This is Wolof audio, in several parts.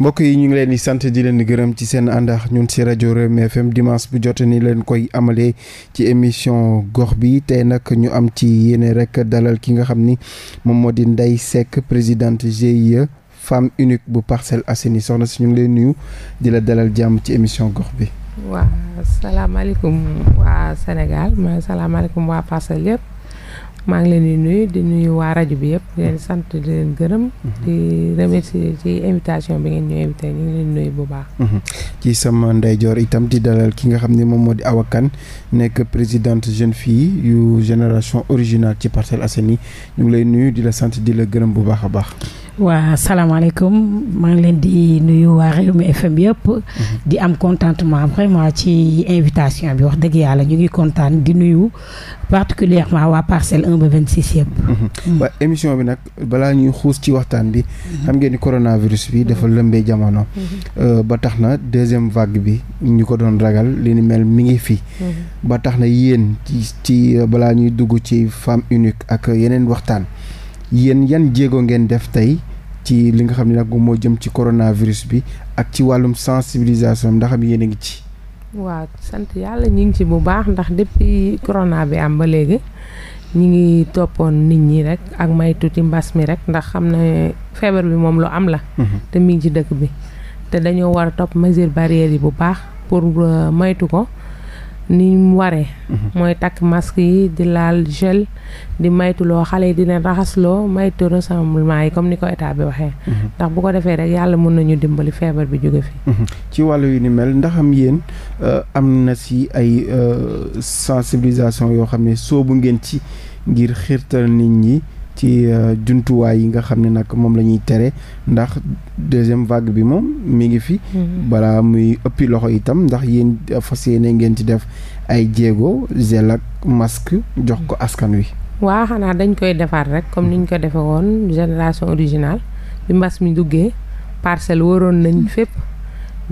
mbokk yi ñu ngi leen di sant di leen gërëm ci seen àndax ñun si rajo Rewmi FM dimanche bu jot ni leen koy amalee ci émission gox bi tey nag ñu am ci yéene rek dalal ki nga xam ni moom moo di Ndeye Seck présidente GIE femme unique bu Parcelles Assainies soxna si ñu ngi leen nuyu di la dalal jàmm ci émission gox bi. waa salaamaaleykum waa Sénégal salaamaaleykum waa Parcelles yëpp. maa ngi leen di nuyu di nuyu waa rajo bi yëpp di sant di leen gërëm. Mhm. di remercier ci invitation bi ngeen ñu invité ñu ngi leen nuyu bu baax. Mhm. ci sama ndeyjoor itam di dalal ki nga xam ni moom moo di Awa Kane nekk présidente jeune fille yu génération originale ci Parcelles Assainies ñu ngi lay nuyu di la sant di la gërëm bu baax a baax. waa salaamaaleykum maa ngi leen di nuyu waa Rewmi FM yëpp. Mhm. di am contentement vraiment ci invitation bi wax dëgg yàlla ñu ngi kontaan di nuyu particulièrement waa parcelle 1 ba 26 yëpp. Mhm. Mm. waa émission bi nag balaa ñuy xuus ci waxtaan bi. Mhm. xam ngeen ni coronavirus bi dafa lëmbee jamono. Euh, ba tax na deuxième vague bi ñu ko doon ragal li ni mel mi ngi fi. ba tax na yéen ci ci balaa ñuy dugg ci femme unique ak yeneen waxtaan. yéen yan jéego ngeen def tey ci li nga xam ne nag moo jëm ci coronavirus bi ak ci wàllum sensibilisation ndax am yéen a ngi ci. waaw sant yàlla ñu ngi ci bu baax ndax depuis corona bi am ba léegi ñu ngi toppoon nit ñi rek ak maytu ci mbas mi rek ndax xam ne feebar bi moom lu am la. Mhm. te mi ngi ci dëkk bi. te dañoo war a topp mesure barrière yi bu baax pour euh, maytu ko. ni mu waree. mooy takk masque yi di laal gel di maytuloo xale yi di leen raxasloo maytu rassemblement yi comme ni ko état bi waxee. Mhm. ndax bu ko defee rek yàlla mën nañu dimbali feebar bi jóge fi. Mhm. ci wàllu yu ni mel ndax am yéen euh, am na si ay euh, sensibilisation yoo xam ne soobu ngeen ci ngir xiirtal nit ñi. ci euh, jumtuwaay yi nga xam ne nag moom la ñuy tere ndax deuxième vague bi moom mi ngi fi. Mm-hmm. balaa muy ëppi loxo itam ndax yéen euh, fas yéene ngeen ci def ay jéego gel ak masque jox ko askan wi. waaw xanaa dañ koy defar rek comme niñ ko defee woon génération originale bi mbas mi duggee parcelle waroon nañ fépp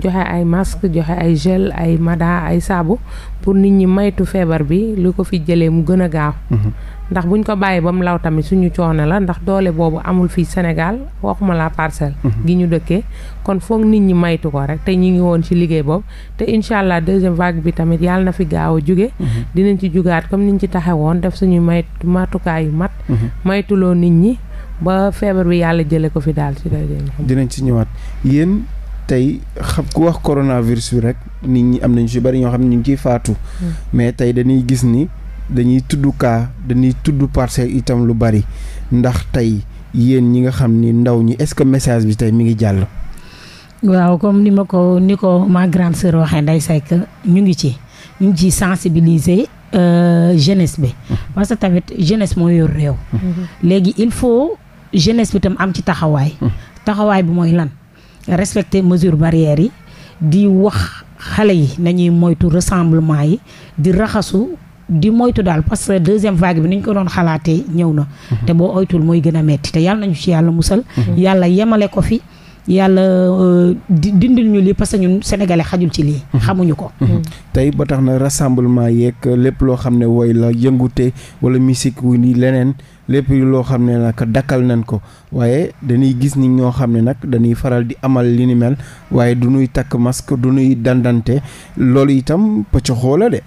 joxe ay masque joxe ay gel ay mada ay saabu pour nit ñi maytu feebar bi lu ko fi jëlee mu gën a gaaw. Mm-hmm. ndax buñ ko bàyyi ba mu law tamit suñu coono la ndax doole boobu amul fii Sénégal waxuma la parcelle. Mhm. gi ñu dëkkee kon foog nit ñi maytu ko rek te ñu ngi woon ci liggéey boobu te incha allah deuxième vague bi tamit yàlla na fi gaaw a jóge mhm. dinañ ci jugaat comme niñ ci woon def suñu may matukaay yu mat. Mhm. maytuloo nit ñi ba feebar bi yàlla jëlee ko fi daal ci dinañ ci ñëwaat yéen tey xam ku wax coronavirus bi rek nit ñi am nañu ci bari ñoo xam ne ñu ngi ciy faatu. Mm. dañuy tudd kaa dañuy tudd parcelle itam lu bari ndax tey yéen ñi nga xam ni ndaw ñi est-ce que message bi tey mi ngi jàll. waaw comme ni ma ko ni ko ma grande sœur waxee nday Seck ñu ngi ci ñu ngi ciy sensibiliser euh, jeunesse bi mhm. parce que tamit jeunesse moo yor réew. Mhm. léegi il faut jeunesse bi tam am ci taxawaay. Mhm. taxawaay bi mooy lan respecter mesures barrières yi di wax xale yi nañuy moytu rassemblement yi di raxasu. di moytu daal parce que deuxième vague bi ni ñu ko doon xalaatee ñëw na. Mhm. te boo oytul mooy gën a metti te yàlla nañu ci yàlla musal. Mhm. yàlla yemale ko fi. yàlla euh, dindi ñu lii parce que ñun sénégalais xajul ci lii. Mhm. xamuñu ko. tey ba tax na rassemblement yeeg lépp loo xam ne woy la yëngute wala musique wu ni leneen lépp loo xam ne nag dakkal nañ ko waaye dañuy gis ni ñoo xam ne nag dañuy faral di amal li ni mel waaye du ñuy takk masque du ñuy dandante loolu itam pëcc xoola de.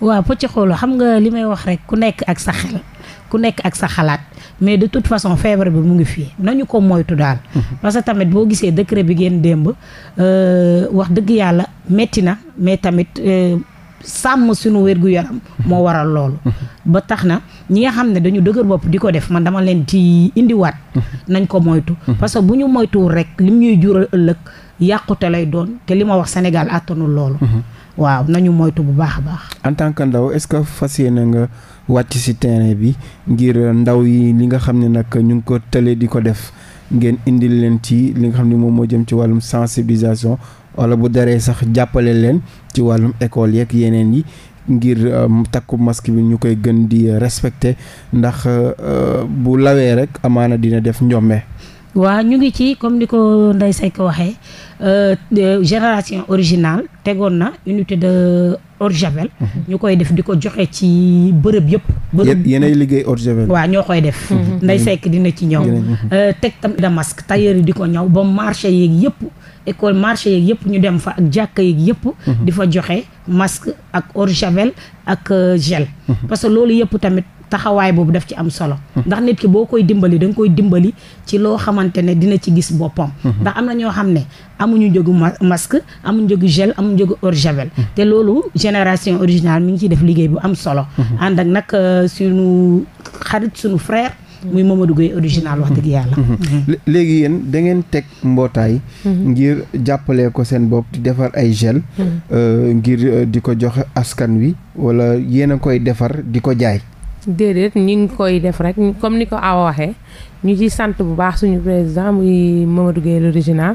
waaw Pocc Xoolo xam nga li may wax rek ku nekk ak sa xel ku nekk ak sa xalaat mais de tout façon feebar bi mu ngi fii nañu ko moytu daal. Mhm. parce que tamit boo gisee décret bi ngeen démb euh, wax dëgg yàlla metti na mais tamit. Euh, sàmm suñu wér-gu-yaram moo waral loolu mhm. ba tax na ñi nga xam ne dañu dëgër bopp di ko def man dama leen ci indiwaat mhm. nañ ko moytu parce que bu ñu moytuwul rek lim ñuy jural ëllëg yàqute lay doon te li ma wax Sénégal àttanul loolu waaw nañu moytu bu baax a baax. en tant que ndaw est-ce que fas yéene nga wàcc ci terrain bi ngir ndaw yi li nga xam ne nag ñu ngi ko tëlee di ko def ngeen indil leen ci li nga xam ne moom moo jëm ci wàllum sensibilisation walla bu daree sax jàppale leen ci wàllum école yeeg yeneen yi. ngir euh, takku mask bi ñu koy gën di respecté ndax euh, bu lawee rek amaana dina def njomme waaw ñu ngi ci comme ni ko nday Seck waxee euh, euh, génération originale tegoon na unité de eau de mhm. ñu koy def di ko joxe ci bërëb yëpp. bërëb yéenay liggéey eau de javel. ñoo koy def. Mhm. Mhm. nday Seck dina ci ñëw. Euh, teg tam de masque tailleur yi di ko ñëw ba marché yeeg yëpp. école marché yeeg yëpp ñu dem fa ak jàkk yeeg yëpp. di fa joxe masque ak eau de javel ak gel. parce que loolu yëpp tamit. taxawaay boobu def ci am solo. ndax nit ki boo koy dimbali da nga koy dimbali ci loo xamante ne dina ci gis boppam. ndax am na ñoo xam ne amuñu jógu masque amuñu jógu gel amuñu jógu eau de javel. te loolu génération originale mi ngi ciy def liggéey bu am solo. ànd ak nag euh, suñu xarit suñu frère. muy Mamadou Gueye original wax dëgg yàlla. léegi yéen da ngeen teg mbootaay. ngir jàppale ko seen bopp di defar ay gel. Mm-hmm. Euh, ngir euh, di ko jox askan wi wala yéen a koy defar di ko jaay. déedéet ñu ngi koy def rek comme ni ko awa waxee ñu ci sant bu baax suñu président muy Mamadou Gueye l'original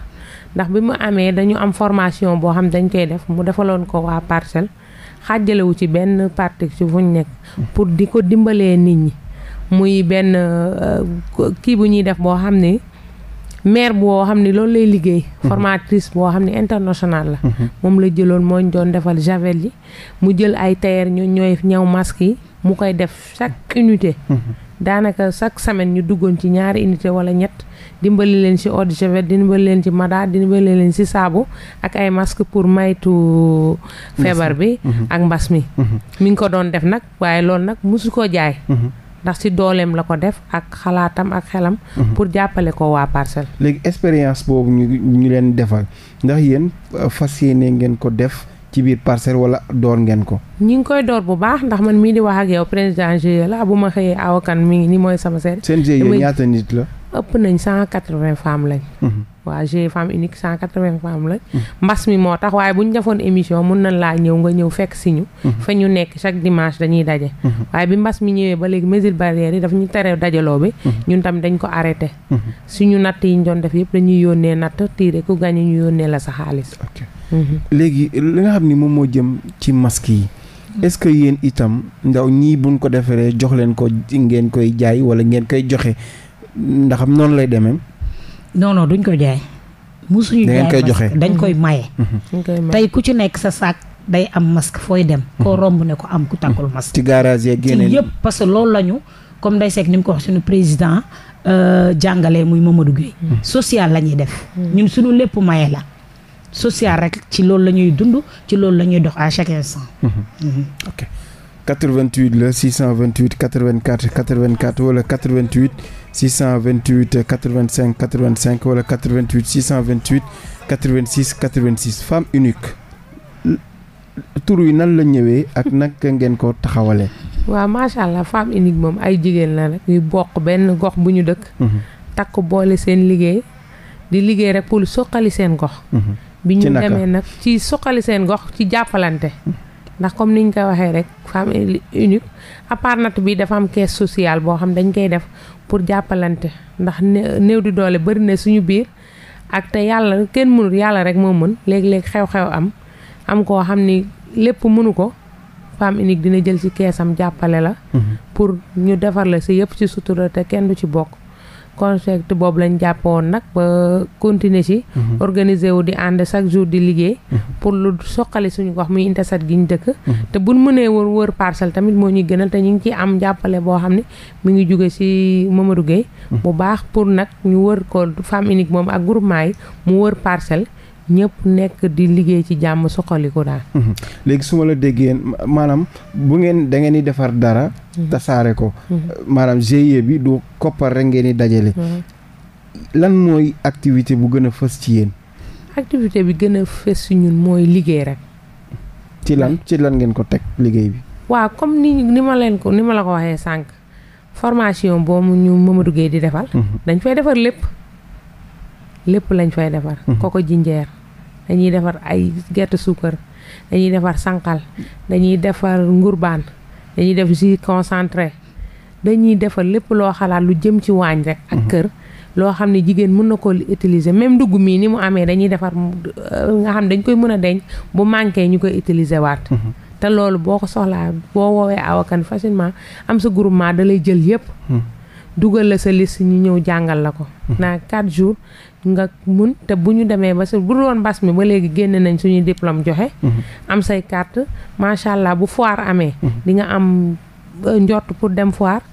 ndax bi mu amee dañu am formation boo xam dañ koy def mu defaloon ko waa parcelle xaajalewu ci benn parti ci fuñ nekk pour di ko dimbalee nit ñi muy benn euh, kii bu ñuy def boo xam ne maire woo xam ne loolu lay liggéey. Mhm. formatrice boo xam ne internationale la. Mhm. moom la jëloon moo ñu doon defal javel yi mu jël ay tailleur ñu ñooy ñaw masque yi mu koy def chaque mhm. unité. daanaka chaque semaine ñu duggoon ci ñaari unité wala ñett dimbali leen ci eau de javel dimbali leen ci mada dimbali leen ci saabu ak ay masque pour maytu feebar bi ak mbas mi mi ngi ko doon def nag waaye loolu nag musu ko jaay ndax ci dooleem la ko def ak xalaatam ak xelam. Mhm. pour jàppale ko waa parcelle. léegi expérience boobu ñu ñu leen defal ndax yéen euh, fas yéene ngeen ko def. ci biir parcel wala door ngeen ko. ñi ngi koy door bu baax ndax man mii di wax ak yow président GIE la bu ma xëyee awakan mi ngi nii mooy sama seet. seen GIE ñaata nit la. ëpp nañ cent quatre-vingts femmes lañ mhm. waa g femme unique cent quatre-vingts femmes lañ mhm. mbas mi moo tax waaye bu ñu defoon émission mun nañ laa ñëw nga ñëw fekk si ñu mhm. fa ñu nekk chaque dimanche dañuy daje waaye bi mbas mi ñëwee ba léegi mesure barrière yi daf ñu tere dajaloo bi ñun tamit dañ ko arrêté suñu natt yi ñu doon def yëpp dañuy yónnee natt tiire ku gàñe ñu yónnee la sa xaalis léegi li nga xam ni moom moo jëm ci masque yi est-ce que yéen itam ndaw ñii buñ ko defaree jox leen ko ngeen koy jaay wala ngeen koy joxe ndax am noonu lay demee. non non duñ ko jaay. suñu jaay koy joxe mm-hmm. Mm-hmm. dañ koy maye. tey ku ci nekk sa saak day am masque fooy dem. Mm-hmm. koo romb ne ko am ku takkul masque. ci garage yeeg yeneen yëpp parce que loolu la ñu comme day seeg ni mu ko wax suñu président euh, jàngale muy Mamadou Gueye. social la ñuy def. ñun suñu lépp maye la. social rek ci loolu la ñuy dund ci loolu la ñuy dox à chaque instant. ok 88 la 628 84 84 wala 88. 628 85 85 wala 88 628 86 86 femme unique yi nan la ñëwee ak naka ngeen ko taxawalee. waaw macha allah femme unique moom ay jigéen la rek yu bokk benn gox bu ñu dëkk. Mhm. takk boole seen liggéey di liggéey rek pour soqali seen gox. Mhm. bi ñu demee nag ci soqali seen gox ci jàppalante. Mhm. ndax comme niñ koy waxee rek femme unique à part bi dafa am caisse sociale boo xam dañ koy def pour jàppalante ndax néew di doole bëri na suñu biir ak te yàlla kenn mënul yàlla rek moo mën léeg-léeg xew-xew am am koo xam ni lépp mënu ko femme unique dina jël ci keesam jàppale la. Mhm. pour ñu defar la si yëpp ci sutura te kenn du ci bokk. concept boobu lañ jàppoon nag ba continuer ci mhm. organiser wu di ànd chaque jour di liggéey mhm. pour lu soqali suñu gox muy intasat gi ñu dëkk mhm. te buñ mënee war wër parcelle tamit moo ñuy gënal te ñu ngi ciy am jàppale boo xam ni mu ngi jóge ci Mamadou Gueye bu baax pour nag ñu wër ko femme unique moom ak groupement yi mu wër parcelle ñëpp nekk di liggéey ci jàmm suqaliku daal. Mhm. léegi su ma la déggeen maanaam bu ngeen da ngeen di defar dara. Mhm. tasaare ko. Mhm. maanaam GIE bi du koppar rek ngeen di dajale. lan mooy activité bu gën a fës ci yéen. activité bi gën a fës ci ñun mooy liggéey rek. ti lan ci lan ngeen ko teg liggéey bi. waaw comme ni ni ma leen ko ni ma la ko waxee sànq formation boobu ñu Mamadou Gueye di defal. dañ fay defar lépp. lépp lañ fay defar koko mhm. jinjeer dañuy defar ay gerte suukar dañuy defar sànqal dañuy defar ngurbaan dañuy def jus concentré dañuy defar lépp loo xalaat lu jëm ci waañ rek ak mhm. kër loo xam ne jigéen mën na ko utiliser même dugg mii ni mu amee dañuy defar euh, nga xam dañ koy mën a denc bu manqué ñu koy utiliser waat mhm. te loolu boo ko soxlaa boo woowee awakan facilement am sa groupement da lay jël yëpp dugal la sa lis ñu ñëw jàngal la ko naa quatre jours nga mun te bu ñu demee ba su bu doon mbas mi ba léegi génne nañ suñuy diplôme joxe. Mhm. am say carte macha allah bu foire amee. Mhm. di nga am euh, njort pour dem foire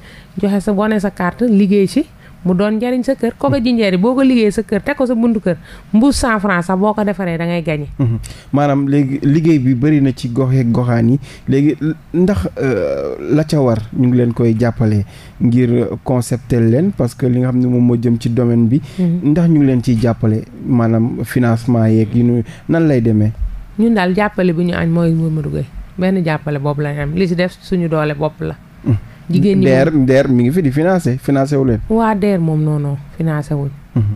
joxe sa wone sa carte liggéey ci. mu doon njariñ sa kër koba jinjeer yi boo ko liggéey sa kër teg ko sa buntu kër mbuus cent franc sax boo ko defaree da ngay gagné mhm. maanaam léegi liggéey bi bëri na ci gox yeeg goxaan yi léegi ndax euh, la ca war ñu ngi leen koy jàppale ngir conceptel leen parce que li nga xam ne moom moo jëm ci domaine bi mhm. ndax ñu ngi leen ciy jàppale maanaam financement yeeg yu nu nan lay demee ñun daal jàppale bi ñu añ mooy Mamadou Gueye benn jàppale boobu la am li si def suñu doole bopp la mhm. jigéen ñi DER mi ngi fi di financé financé wu leen. waa DER moom noonu financé wuñ. Mhm.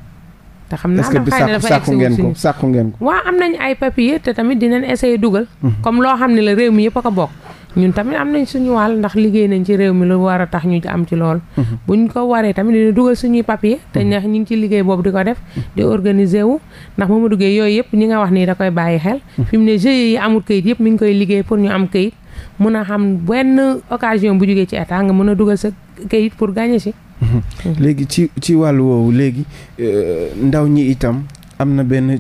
te xam naa na dafa sàkku ngeen ko sàkku ngeen ko. waa am nañu ay papier te tamit dinañ essayer dugal. Mhm. comme loo xam ne la réew mi yëpp a ko bokk. ñun tamit am nañ suñu wàll ndax liggéey nañ ci réew mi lu war a tax ñu am ci lool mhm. bu ñu ko waree tamit dina dugal suñuy papier te ndax ñu ngi ci liggéey boobu di ko def di organiser ndax ndax Mamadou Gueye yooyu yëpp ñi nga wax nii da koy bàyyi xel fi mu ne GIE kayit yëpp mi ngi koy liggéey pour ñu am kayit mun a xam benn occasion bu jógee ci état nga mën a dugal sa kayit pour gagner si. léegi ci ci wàllu woowu léegi euh, ndaw ñi itam am na benn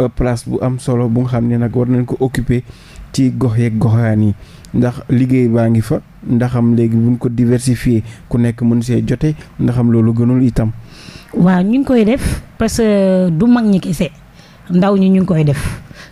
euh, place bu am solo bu nga xam ne nag war nañ ko occuper ci gox yeeg goxaan yi ndax liggéey baa ngi fa ndaxam léegi buñ ko diversifier ku nekk mën see jote ndaxam loolu gënul itam. waa ñu ngi koy def parce que du mag ñi kese. ndaw ñi ñu ngi koy def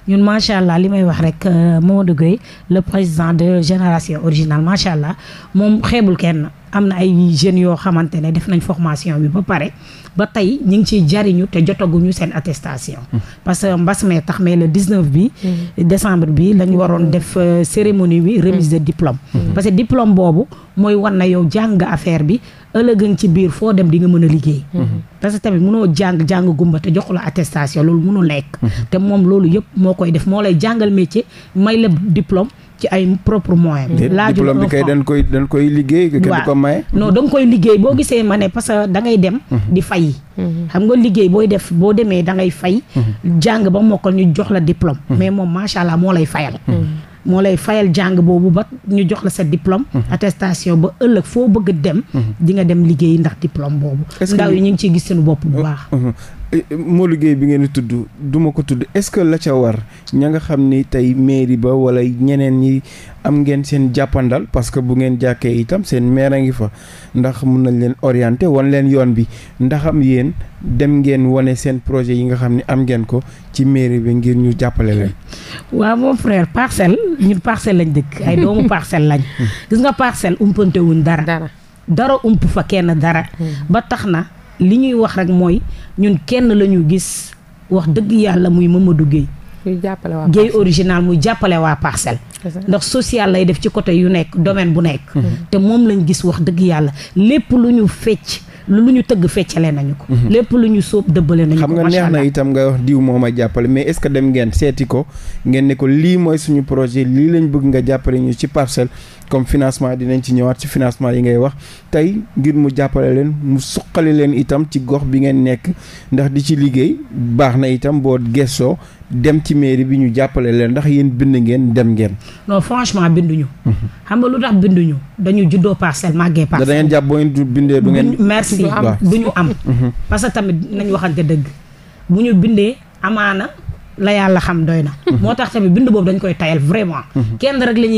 ñun macha allah li may wax rek euh, de Gueye le président de génération originale macha allah moom xeebul kenn. am na ay jeunes yoo xamante ne def nañ formation bi ba pare ba tey ñu ngi ciy jariñu te jotaguñu seen attestation. parce que mbas mee tax mais le 19 bi. décembre bi lañu waroon def euh, cérémonie bi remise de diplôme. parce que diplôme boobu mooy war na yow jàng affaire bi. ëllëgën ci biir foo dem di nga mën a liggéey. parce que tamit munoo jàng jàng gumba te jox la attestation loolu munul nekk. te moom loolu yëpp moo koy def moo lay jàngal métier may la diplôme ci ay propre moyen laajul diplôme bi kay dañ koy dañ koy liggéey kenn du ko maye non da nga koy liggéey boo gisee ma ne parce que da dem mhm. di fay mhm. xam nga liggéey booy def boo demee da ngay fay mhm. jàng ba mokkal ñu jox la diplôme mais moom macha allah moo lay fayal moo lay fayal jàng boobu ba ñu jox la sa diplôme attestation ba ëllëg foo bëgg dem di nga dem liggéey ndax diplôme boobu ndaw yi ñu ngi ciy gis seen bopp bu oh, baax moo liggéey bi ngeen di tudd du ma ko tudd est-ce que la ca war ña nga xam ni tey mairie ba wala ñeneen ñi am ngeen seen jàppandal parce que bu ngeen jàkkee itam seen maire a ngi fa ndax mun nañ leen orienter wan leen yoon bi ndax am yéen dem ngeen wane seen projet yi nga xam ni am ngeen ko ci mairie bi ngir ñu jàppale leen. waaw mon frère parcelle ñun parcelle lañ dëkk ay doomu parcelle lañ. gis nga parcelle umpante dara dara ump fa kenn dara. Hmm. ba tax na. li ñuy wax rek mooy ñun kenn la ñu gis wax dëgg yàlla muy Mamadou Guèye Guèye original muy jàppale waa parcelle ndax social lay def ci côté yu nekk domaine bu nekk mm-hmm. te moom lañ gis wax dëgg yàlla lépp lu ñu fecc lu ñu tëgg feccale nañu ko mm-hmm. lépp lu ñu sóob dëbbale nañu ko xam nga neex na itam ngay wax diw moom a jàppale mais est-ce que dem ngeen seeti ko ngeen ne ko lii mooy suñu projet lii lañ bëgg nga jàppale ñu ci parcelle comme financement dinañ ci ñëwaat ci financement yi ngay wax tey ngir mu jàppale leen mu suqali leen itam ci gox bi ngeen nekk ndax di ci liggéey baax na itam boo gessoo dem ci mairie bi ñu jàppale leen ndax yéen bind ngeen dem ngeen. non franchement binduñu. Mhm. xam nga lu tax binduñu dañu juddoo parcelle màggee parcelle. da ngeen jàpp boo ngeen bindee du ngeen. merci du ñu am. Mhm. parce que tamit nañ waxante dëgg bu ñu bindee amaana la yàlla xam doy na. Mhm. moo tax tamit bind boobu dañ koy tayal vraiment.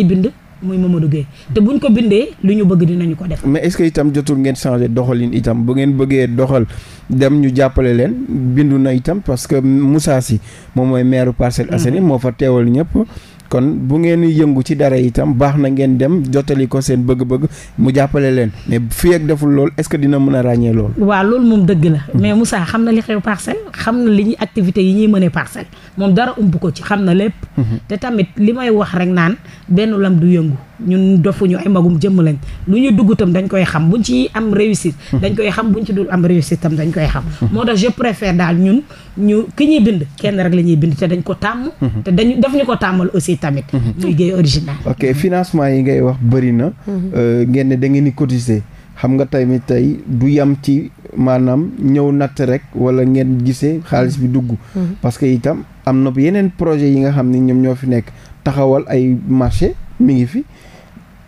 bind. muy Mamadou duggee te buñ ko bindee lu ñu bëgg dinañu ko def. mais est-ce que itam jotul ngeen changer doxalin itam bu ngeen bëggee doxal dem ñu jàppale leen bindu na itam parce que Moussa Sy moom mooy maire Parcelles Assainies moo fa teewal ñëpp. kon bu ngeen yëngu ci dara itam baax na ngeen dem jottali ko seen bëgg-bëgg mu jàppale leen mais fii ak deful lool est-ce que dina mën a ràññee lool. waaw loolu moom dëgg la. Mhm. mais Moussa xam na li xew parcelle xam na li ñuy activité yi ñuy mënee parcelle moom dara umb ko ci xam na lépp. Mhm. te tamit li may wax rek naan benn lam du yëngu. ñun dofuñu ay magum jëmm lañ lu ñu dugg tam dañ koy xam buñ ci am réussite dañ koy xam bu buñ ci dul am réussite tam dañ koy xam moo tax je préfère daal ñun ñu ki ñuy bind kenn rek la ñuy bind te dañ ko tàmm te dañ daf ñu ko tàmmal aussi tamit muy géey original ok financement yi ngay wax bëri na mhm. euh, ngeen ne da di cotiser xam nga tamit tey du yam ci maanaam ñëw natt rek wala ngeen gisee xaalis bi dugg mhm. parce que itam am na yeneen projet yi nga xam ni ñoom ñoo fi nekk taxawal ay marché mi ngi fi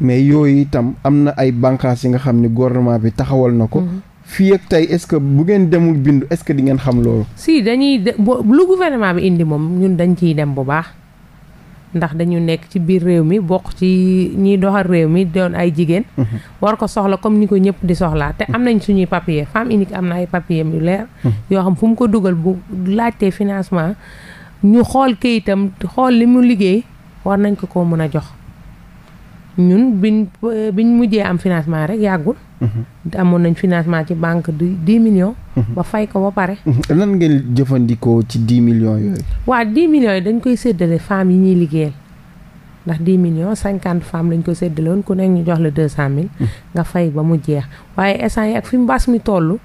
mais yooyu itam am na ay bànqaas yi nga xam ni gouvernement bi taxawal na ko. Mhm. fii ak tey est-ce que bu ngeen demul bindu est-ce que di ngeen xam loolu. si dañuy de lu gouvernement bi indi moom ñun dañ ciy dem bu baax ndax dañu nekk ci biir réew mi bokk ci ñiy doxal réew mi doon ay jigéen. Mhm. war ko soxla comme ni ko ñëpp di soxlaa te am nañ suñuy papier femme unique am na ay papier yu leer. Mhm. yoo xam fu mu ko dugal bu laajtee financement ñu xool këyitam xool li mu liggéey war nañ ko ko mën a jox. ñun biñ ñu mujjee am financement rek yàggul. Mhm. amoon nañ financement ci banque du dix millions. Mhm. ba fay ko ba pare. lan mhm. ngeen jëfandikoo ci dix million yooyu. waa dix millions yi dañ koy séddale femmes yi ñuy liggéeyal ndax dix million cinquante femmes lañ ko séddale woon ku nekk ñu jox la deux cent mille. nga fay ba mu jeex waaye essence yi ak fi mbas mi toll.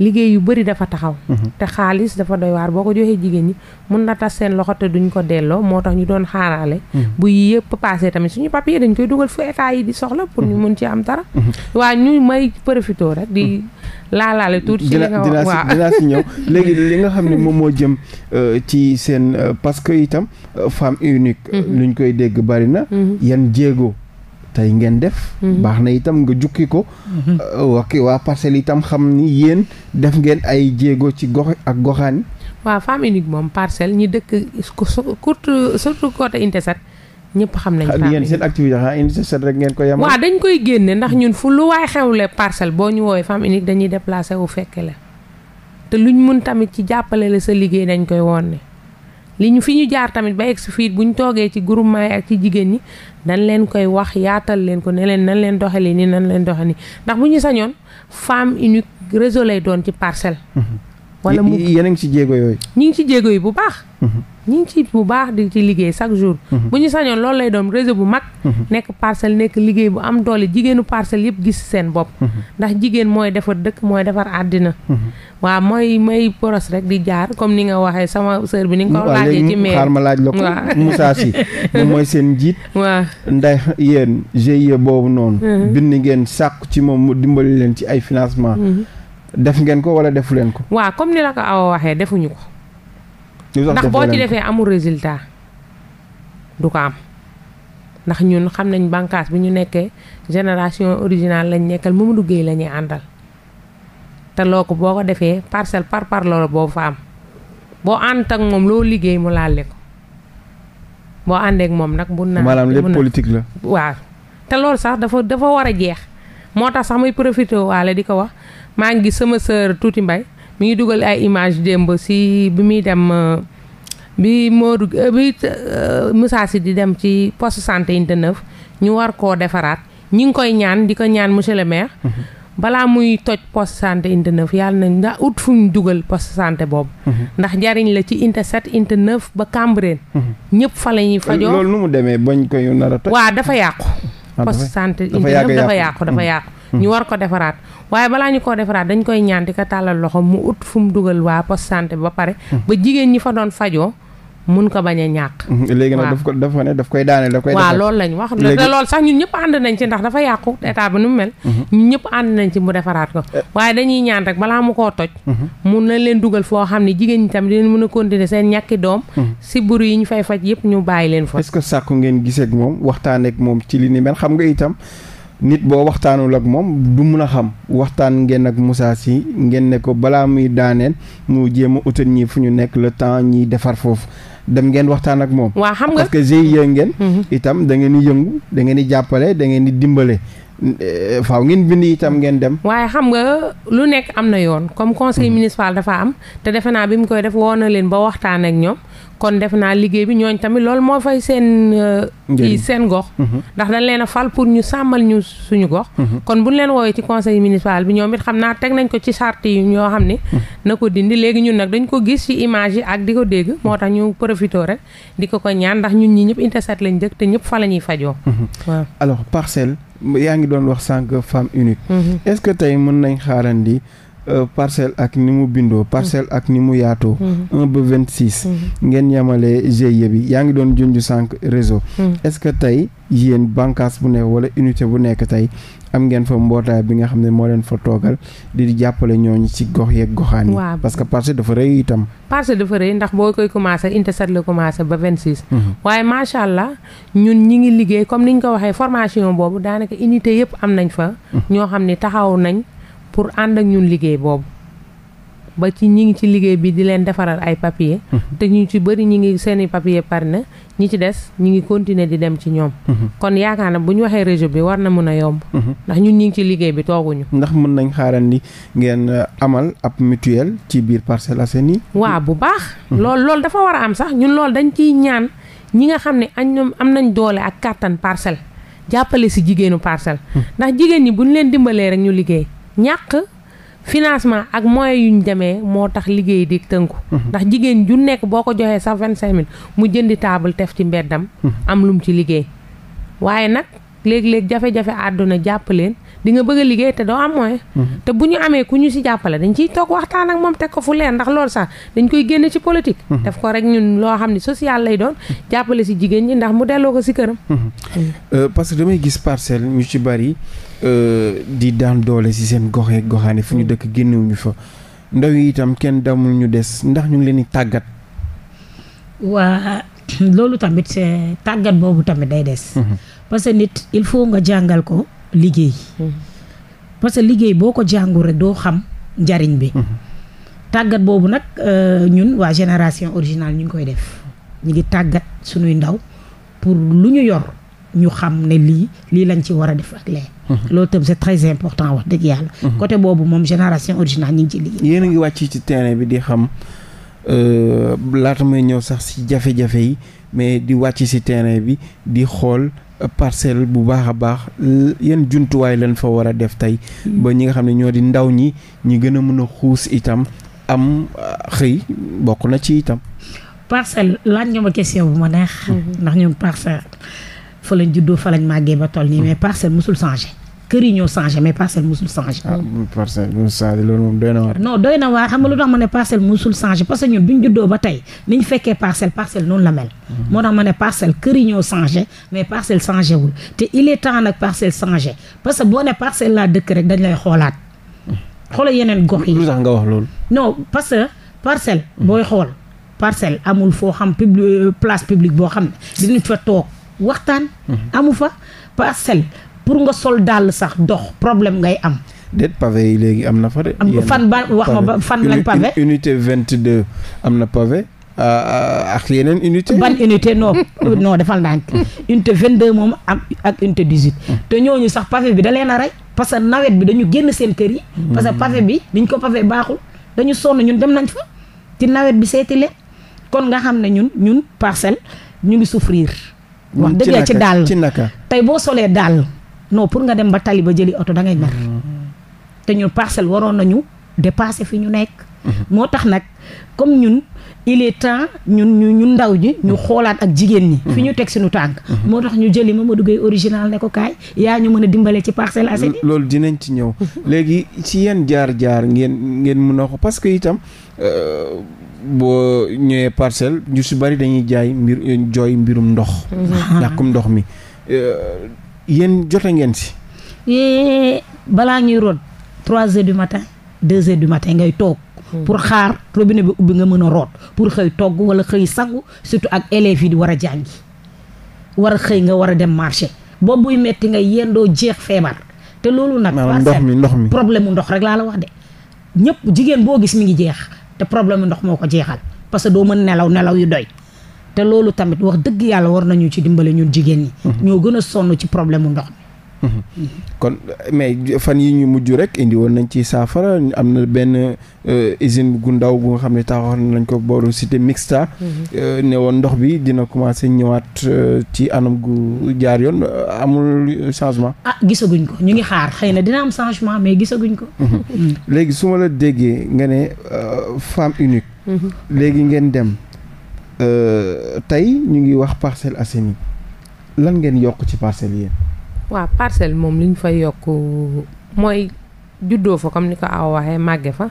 liggéey yu bëri dafa taxaw mhm. te xaalis dafa doy waar boo ko joxee jigéen ñi mun na tax seen loxo te duñ ko delloo moo tax ñu doon xaaraale mhm. bu yi yëpp passé tamit suñu papier dañ koy dugal fu état yi di soxla pour ñu mhm. mun ci am dara waa ñu may profité rek di laalaale tuuti ci li nga li nga xam ne moom moo jëm euh, ci seen euh, parce que itam euh, femme unique luñ koy dégg bari na yan jéego tey ngeen def. Mhm. baax na itam nga jukki ko. wakki mhm. euh, waa parcelle itam xam ni yéen def ngeen ay jéego ci gox ak goxaan. waaw femme unique moom parcelle ñi dëkk surtout surtout côté Intesat ñëpp xam nañ femme yéen seen activité ah Intesat ko yem. waaw dañ koy génne ndax ñun fu lu waay xewle parcelle boo ñu woowee femme unique dañuy déplacé wu fekke la te luñ mun tamit ci jàppale la sa liggéey dañ koy wone li ñu fi ñu jaar tamit ba egg fii bu ñu toogee ci groupement ak ci jigéen ñi dañ leen koy wax yaatal leen ko ne leen nan leen doxalee nii nan leen doxalee nii ndax mu ñu sañoon femme unique réseau lay doon ci parcelle. Mhm. wala mu yéen ngi ci jéego yooyu. ñu ngi ci jéego yi bu baax. Mm-hmm. ñu ngi ci bu baax di ci liggéey chaque jour. Mm-hmm. bu ñu sañoon loolu lay doon réseau bu mag. Mm-hmm. nekk parcelle nekk liggéey bu am doole jigéenu parcelle yëpp gis seen bopp. ndax jigéen mooy defar dëkk mooy defar àddina. waaw mooy may boros rek di jaar comme ni nga waxee sama sœur bi ni nga ko laajee ci mairie xaar ma laaj la ko Moussa mooy seen njiit. waaw ndax yéen GIE boobu noonu. bind ngeen sàkk ci moom mu dimbali leen ci ay financement def ngeen ko wala defu leen ko. waaw comme ni la ko awa waxee defuñu ko. ndax boo ci defee amul résultat du ko am. ndax ñun xam nañ bànqaas bi ñu nekkee génération originale lañ nekkal Mamadou mu duggee lañuy àndal te loo ko boo ko defee parcelle par par loolu boo fa am boo ànd ak moom loo liggéey mu laale ko boo àndeek moom nag. bu naan maanaam lépp politique la. waaw te loolu sax dafa dafa war a jeex moo tax sax muy profité waale di ko wax maa ngi gis sama sœur tuuti mbay mi ngi dugal ay image démb si bi muy dem euh, bi Modou euh, bi euh, Moussa Sy di dem ci post santé unité ñu war koo defaraat ñi ngi koy ñaan di ko ñaan monsieur le maire. Mhm. balaa muy toj poste santé unité neuf yàlla nañ nga ut fu ñu dugal poste santé boobu. Mhm. ndax jariñ la ci unité sept unité neuf ba Cambérène. Mhm. ñëpp fa la ñuy fajoo loolu nu mu demee bañ koy nar toj. waaw dafa yàqu. Ah, poste santé unité dafa yàqu dafa yàqu. Hmm. ñu war ko defaraat waaye balaa ñu koo defaraat dañ koy ñaan di ko tàllal loxo mu ut fu mu dugal waa poste santé ba pare hmm. ba jigéen ñi fa doon fajoo mun ko bañ a ñàkk. Hmm. léegi nag daf ko daf ko koy daane daf koy. waaw wax te loolu sax ñun ñëpp ànd nañ ci ndax dafa yàqu état bi nu mu mel. ñun ñëpp ànd nañ ci mu defaraat ko. Eh. waaye dañuy ñaan rek balaa mu koo toj. mun na leen dugal foo xam ne jigéen ñi tamit dinañ mën a continuer seen ñàkki doom. si buru yi ñu fay faj yëpp ñu bàyyi leen fa. est-ce que sàkku ngeen gisee ak moom waxtaan ak moom ci li xam nga itam. nit boo waxtaanul ak moom du mun a xam waxtaan ngeen ak Moussa Sy ngeen ne ko balaa muy daaneel mu jéem a ñi fu ñu nekk la temps ñiy defar foofu dem ngeen waxtaan ak moom. waaw xam nga parce que GIE ngeen. Mhm. itam da ngeen di yëngu da ngeen di jàppale dangeen di dimbale. Eh, faaw ngeen bind itam ngeen dem. waaye xam nga lu nekk am na yoon comme conseil mhm. municipal dafa am te defe naa bi mu koy def woo leen ba waxtaan ak ñoom. kon def naa liggéey bi ñooñ tamit loolu moo fay seen ci euh, seen gox mhm. ndax dañ leen a fal pour ñu sàmmal ñu suñu gox mhm. kon buñ leen woowee ci conseil municipal bi ñoom it xam naa teg nañ ko ci charte yi ñoo xam ne mhm. na ko dindi léegi ñun nag dañ ko gis ci image yi ak di ko dégg moo tax ñu profité rek di ko ko ñaan ndax ñun ñi ñëpp intersat lañ dëkk te ñëpp fa la ñuy fajoo waaw alors parcelle yaa ngi doon wax sànq femme unique est-ce que tey mën nañ xaarandi Euh, parcelle ak ni mu bindoo parcelle ak ni mu yaatoo. 1 mm-hmm. ba 26. Mm-hmm. ngeen yemale GIE bi yaa ngi doon junj sànq réseau. Mm-hmm. est-ce que tey yéen bànqaas bu nekk wala unité bu nekk tey am ngeen fa mbootaay bi nga xam ne moo leen fa toogal di jàppale ñooñu ci gox yeeg goxaan yi. parce que parce dafa rëy itam. parcelle dafa rëy ndax boo koy commencé inte 7 la ba 26. waaye macha allah ñun ñi ngi liggéey comme ni ñu ko waxee formation boobu daanaka unité yëpp am nañ fa. ñoo xam ne taxaw nañ. pour ànd ak ñun liggéey boobu ba ci ñi ngi ci liggéey bi di leen defaral ay papiye mhm. te ñu ci bëri ñi ngi seeni papier pare na ñi ci des ñi ngi continuer di dem ci ñoom mhm. kon yaakaar na bu ñu waxee réseau bi war na mën a yomb mhm. ndax ñun ñi ngi ci liggéey bi tooguñu ndax mën nañ ni ngeen euh, amal ab mutuelle ci biir Parcelles Assainies waa bu baax lool loolu dafa war a am sax ñun loolu dañ ciy ñaan ñi nga xam ne añ am nañ doole ak kàttan parcelle jàppale si jigéenu parcelle ndax jigéen ñi buñ leen dimbalee rek ñu liggéey ñàkk financement ak moyens yu ñu demee moo tax liggéey di tënku. Mhm. ndax jigéen ju nekk boo ko joxee sax vingt cinq mille mu jëndi taabal tef ci mbeddam. Mhm. am lum ci liggéey. waaye nag léeg-léeg jafe-jafe àdduna jàpp leen di nga bëgg a liggéey te doo am moyen. Mhm. te bu ñu amee ku ñu si jàppale dañ ciy toog waxtaan ak moom teg ko fu leer ndax loolu sax dañ koy génn ci politique. def ko rek ñun loo xam ne social lay doon jàppale si jigéen ñi ndax mu delloo ko si këram. Mm. Euh, parce que damay gis parcelle ñu ci bari. Euh, di daan doole si seen gox yeeg goxaane fu ñu mm. dëkk génnewuñu fa ndaw yi itam kenn damul ñu des ndax ñu ngi leen di tàggat. waa loolu tamit c'est tàggat boobu tamit day des. Mm-hmm. parce que nit il faut nga jàngal ko liggéey. Mm-hmm. parce que liggéey boo ko jàngul rek doo xam njariñ bi. Mm-hmm. tàggat boobu nag euh, ñun waa génération originale ñu ngi koy def ñu ngi tàggat suñuy ndaw pour lu ñu yor ñu xam ne lii lii lañ ci war a def ak lee loolu tam c'est très important wax dëgg yàlla. Mhm. côté boobu moom génération originale ñu ngi ci liggéey. yéen ngi wàcc ci terrain bi di xam euh, laata may ñëw sax si jafe-jafe yi mais di wàcc si terrain bi di xool. parcelle bu baax a baax yan jumtuwaay lañ fa war a def tey mhm. ba ñi nga xam ne ñoo di ndaw ñi ñi gën a mën a xuus itam am euh, xëy bokk na ci itam parcelle laaj nga ma question bu ma neex mhm. ndax ñun parcelle fa lañ juddoo fa lañ màggee ba toll nii mais mm. parcelle musul changé kër yi mais parcelle musul changé. musul ah, changé loolu doy na waar. non doy na ma ne parcelle musul changé parce ñun bi ñu juddoo ba tey ni fekkee parcelle parcelle noonu la mel. Mm-hmm. moo tax ma ne parcelle kër yi mais parcelle changé wul te il est temps nag parcelle changé boo ne parcelle laa dëkk rek dañ lay xoolaat. xoolal yeneen gox yi lu tax nga wax loolu. non parce que booy xool parcelle amul waxtaan. Mhm. amu fa parcelle pour nga sol dàll sax dox problème ngay am. déet pavé yi léegi am na fa de. fan ba wax ma ba fan lañ pavé. unité vingt deux am na pavé. Ah, ah, ak yeneen unité ban unité non mhm. non defal ndànk mhm. unité 22 moom am ak unité 18 te ñooñu sax pavé bi da leen a rey parce que nawet bi dañu génn seen kër yi parce que pavé bi niñ ko pavé baaxul dañu sonn ñun dem nañ fa ci nawet bi seeti leen kon nga xam ne ñun ñun parcelle ñu ngi souffrir wax dëgg la ci daal ci naka tey boo solee daal non pour nga dem ba tali ba jëli oto dangay ngay mer mm-hmm. te ñun parcelle waroon nañu de dépassé fi ñu nekk mm-hmm. moo tax nag comme ñun il est temps ñun ñu ñun ndaw ñi ñu mm-hmm. xoolaat ak jigéen ñi fi ñu teg suñu tànk moo tax ñu jëli ma duggee original ne ko kaay yaa ñu mën a dimbale ci Parcelles Assainies loolu dinañ ci ñëw léegi ci yenn jaar-jaar ngeen ngeen mun a ko parce que itam euh, boo ñëwee parcelle ñu si bari dañuy jaay mbir eh, jooy mbirum ndox ñàkkum mhm. ndox mi eh, yéen a ngeen si eh, balaa ñuy root trois heures du matin deux heures du matin ngay toog mhm. pour xaar robinet bi ubbi nga mën a root pour xëy togg wala xëy sangu surtout ak élèves yi di war a jàngi war a xëy nga war a dem marché boobuy metti nga yendoo jeex feebar te loolu nag ndox mi ndox mi problème mu ndox rek laa la wax de ñëpp jigéen boo gis mi ngi jeex te problème ndox moo ko jeexal parce que doo mën nelaw nelaw yu doy te loolu tamit wax dëgg yàlla war nañu ci dimbale ñun jigéen ñi mhm. ñoo gën a sonn ci problème mu ndox mi mhm. kon mais fan yi ñuy mujj rek indi woon nañ ci saafara am na benn euh, usine gu ndaw bu nga xam ne taxawoon nañ ko booru cité mixta mhm. euh, ne woon ndox bi dina commencé ñëwaat euh, ci anam gu jaar yoon amul changement ah gisaguñ ko ñu ngi xaar xëy na dina am changement mais gisaguñ ko mm. léegi su la déggee femme unique. léegi ngeen dem euh, tey ñu ngi wax parcelle Assainies lan ngeen yokk ci parcelles yéen. waaw parcelle moom li ñu fay yokk mooy juddoo fa comme ni ko aw waxee màgge fa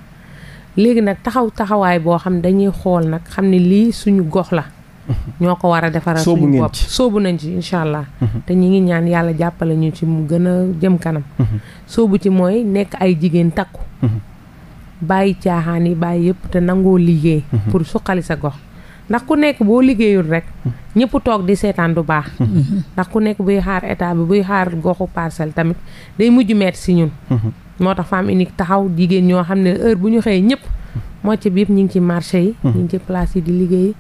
léegi nag taxaw taxawaay boo xam ne dañuy xool nag xam ne lii suñu gox la. ñoo ko war a defaral suñu bopp soobu nañ ci incha allah. Mhm. te ñi ngi ñaan yàlla jàppale ñu ci mu gën a jëm kanam. Mhm. soobu ci mooy nekk ay jigéen takku. Mhm. bàyyi caaxaan yi bàyyi yëpp te nangoo liggéey. Mhm. pour suqali sa gox. ndax ku nekk boo liggéeyul rek. Mhm. ñëpp toog di seetaan du baax. Mhm. ndax ku nekk buy xaar état bi buy xaar goxu parcelle tamit day mujj metti si ñun. moo tax femme unique taxaw jigéen ñoo xam ne heure bu ñu xëyee ñëpp. mocc bi yëpp ñu ngi ci marché yi. ñu ci place yi di liggéey.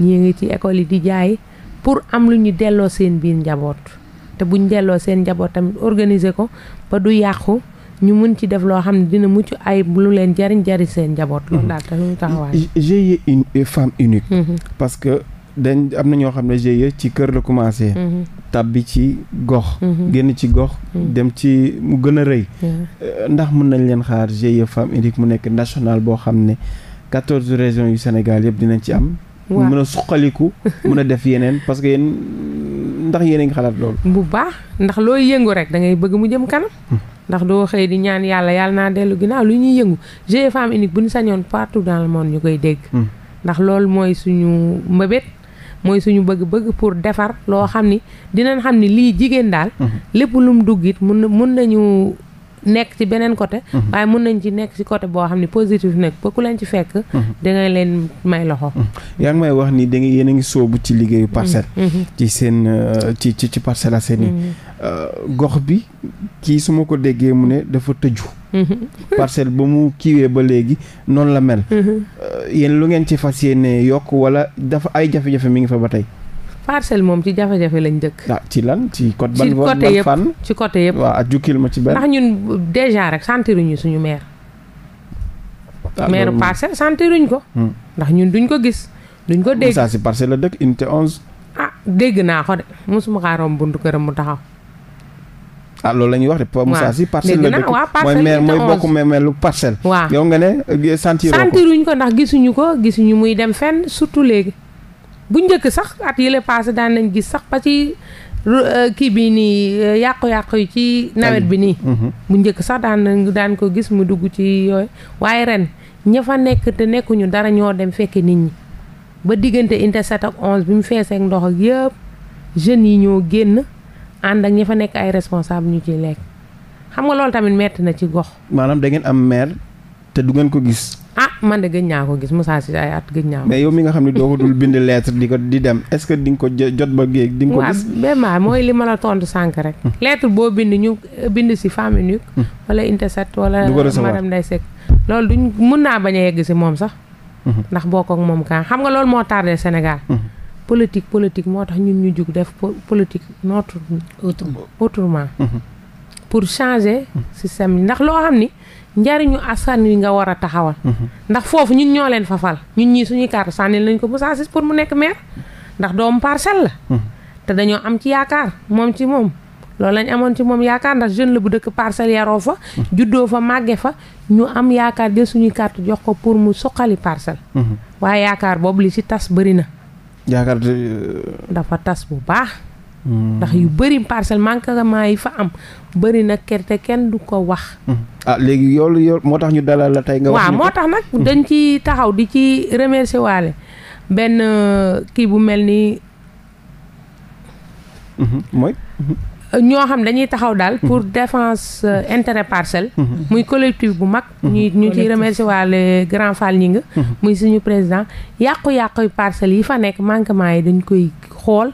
ñu ngi ci école yi di jaay pour am lu ñu delloo seen biir njaboot. te buñ delloo seen njaboot tamit organiser ko ba du ñu mën ci def loo xam ne dina mucc ay lu leen jariñ jariñ seen njaboot. Mhm. loolu daal tax ñu taxawaay. GIE une femme unique. Mhm. parce que dañ am na ñoo xam ne GIE ci kër la commencé. Mhm. tàbbi ci gox. génn ci gox. dem ci mu gën a rëy. Euh, ndax mën nañ leen xaar GIE femme unique mu nekk national boo xam ne quatorze régions yu Sénégal yëpp dinañ ci am. waaw mën a suqaliku mën a def yeneen parce que yéen ndax yéen a ngi xalaat loolu. bu baax ndax looy yëngu rek da ngay bëgg mu jëm kanam. Hmm. ndax doo xëy di ñaan yàlla yàlla naa dellu ginnaaw lu ñuy yëngu GIE Femme Unique bu ñu sañoon partout dans le monde ñu koy dégg. Hmm. ndax loolu mooy suñu mbëbét. mooy suñu bëgg-bëgg pour defar loo xam ni dinañ xam ni lii jigéen daal. Hmm. lépp lum duggit mun nañu. nekk ci beneen côté mhm. waaye mun nañ ci nekk ci côté boo xam ne positif nag ba ku leen ci fekk mhm. dangay leen may loxo mhm. yaa ngi may wax ni da nga yéen a ngi soobu ci liggéeyu parcelle ci seen euh, ci ci ci Parcelles Assainies euh, gox bi kii su ma ko déggee mu ne dafa tëju parcelle ba mu kiiwee ba léegi noonu la mel euh, yéen lu ngeen ci fas yéene yokk wala dafa ay jafe-jafe mi ngi fa ba tey parcelle moom ci jafe-jafe lañ dëkk. Ah, ci lan ci côté ban ban fan ci côté yëpp waaw jukkil ma ci benn. ndax ñun déjà rek sentiruñu suñu maire. Ah, maire parcelle sentiruñ ko. Hmm. ndax ñun duñ ko gis. duñ ko dégg saa si parcelle la dëkk unité 11. ah dégg naa ko de mosuma xaaroon buntu këram mu taxaw. ah loolu la ñuy wax de Pa Moussa Sy parcelle la dëkk mooy maire mooy bokk meelu parcelle. waaw yow nga ne eh, eh, sentiruñ ko sentiruñ ko ndax gisuñu ko gisuñu muy dem fenn surtout léegi. bu njëkk sax at yile passé daan nañ gis sax parce euh, que kii bii nii euh, yàqu-yàqu yi ci nawet bi nii mm-hmm. bu njëkk sax daan nañ daan ko gis mu dugg ci yooyu waaye ren ña fa nekk te nekkuñu dara ñoo dem fekke nit ñi ba diggante inte sept ak onze bi mu feesee ndox ak yëpp jeunes yi ñoo génn ànd ak ña fa nekk ay responsable ñu ci lekk xam nga loolu tamit metti na ci gox maanaam da ngeen am maire te du ngeen ko gis ah man de gëj naa ko gis Moussa Cissé ay at gëj naa ko. mais yow mi nga xam ne doo ko dul bind lettre di ko di dem est que di nga ko jot ba géeg di nga ko gis waaw mooy li ma la tontu sànq rek. Hmm. lettre boo bind ñu bind si femme unique. Hmm. wala intercept wala. madame Ndeye Seck loolu duñ mun naa bañ a yegg si moom sax. Hmm. ndax bokk ak moom kan xam nga loolu moo tardé Sénégal. politique politique moo tax ñun ñu jug def politique notre autrement. pour changer système ndax loo xam njariñu askan yi nga war a taxawal. Mhm. ndax foofu ñun ñoo leen fafal ñun ñii suñuy carte sànni lañ ko Moussa Ciss pour mu nekk maire ndax doomu parcelle la. Mhm. te dañoo am ci yaakaar moom ci moom. loolu lañ amoon ci moom yaakaar ndax la bu dëkk parcelle yaroo fa. Mhm. juddoo fa màgge fa ñu am yaakaar jël suñuy carte jox ko pour mu suqali parcelle. waaye yaakaar boobu li ci tas bëri na. yaakaar euh, dafa tas bu baax. Hmm. ndax yu bëri parcelle manquement yi fa am bëri na kerte kenn du ko wax. Hmm. ah léegi yoolu yool moo tax ñu dalal la tey nga. wax waaw moo tax nag hmm. dañ ci taxaw di ci remercier waale benn euh, kii bu mel ni. mooy. ñoo xam dañuy taxaw daal pour défense euh, intérêt parcelle muy collective bu mag ñuy ñu ciy remercier waale grand Fall ñi nga muy suñu président yàqu-yàqu parcelles yi fa nekk manquement yi dañ koy xool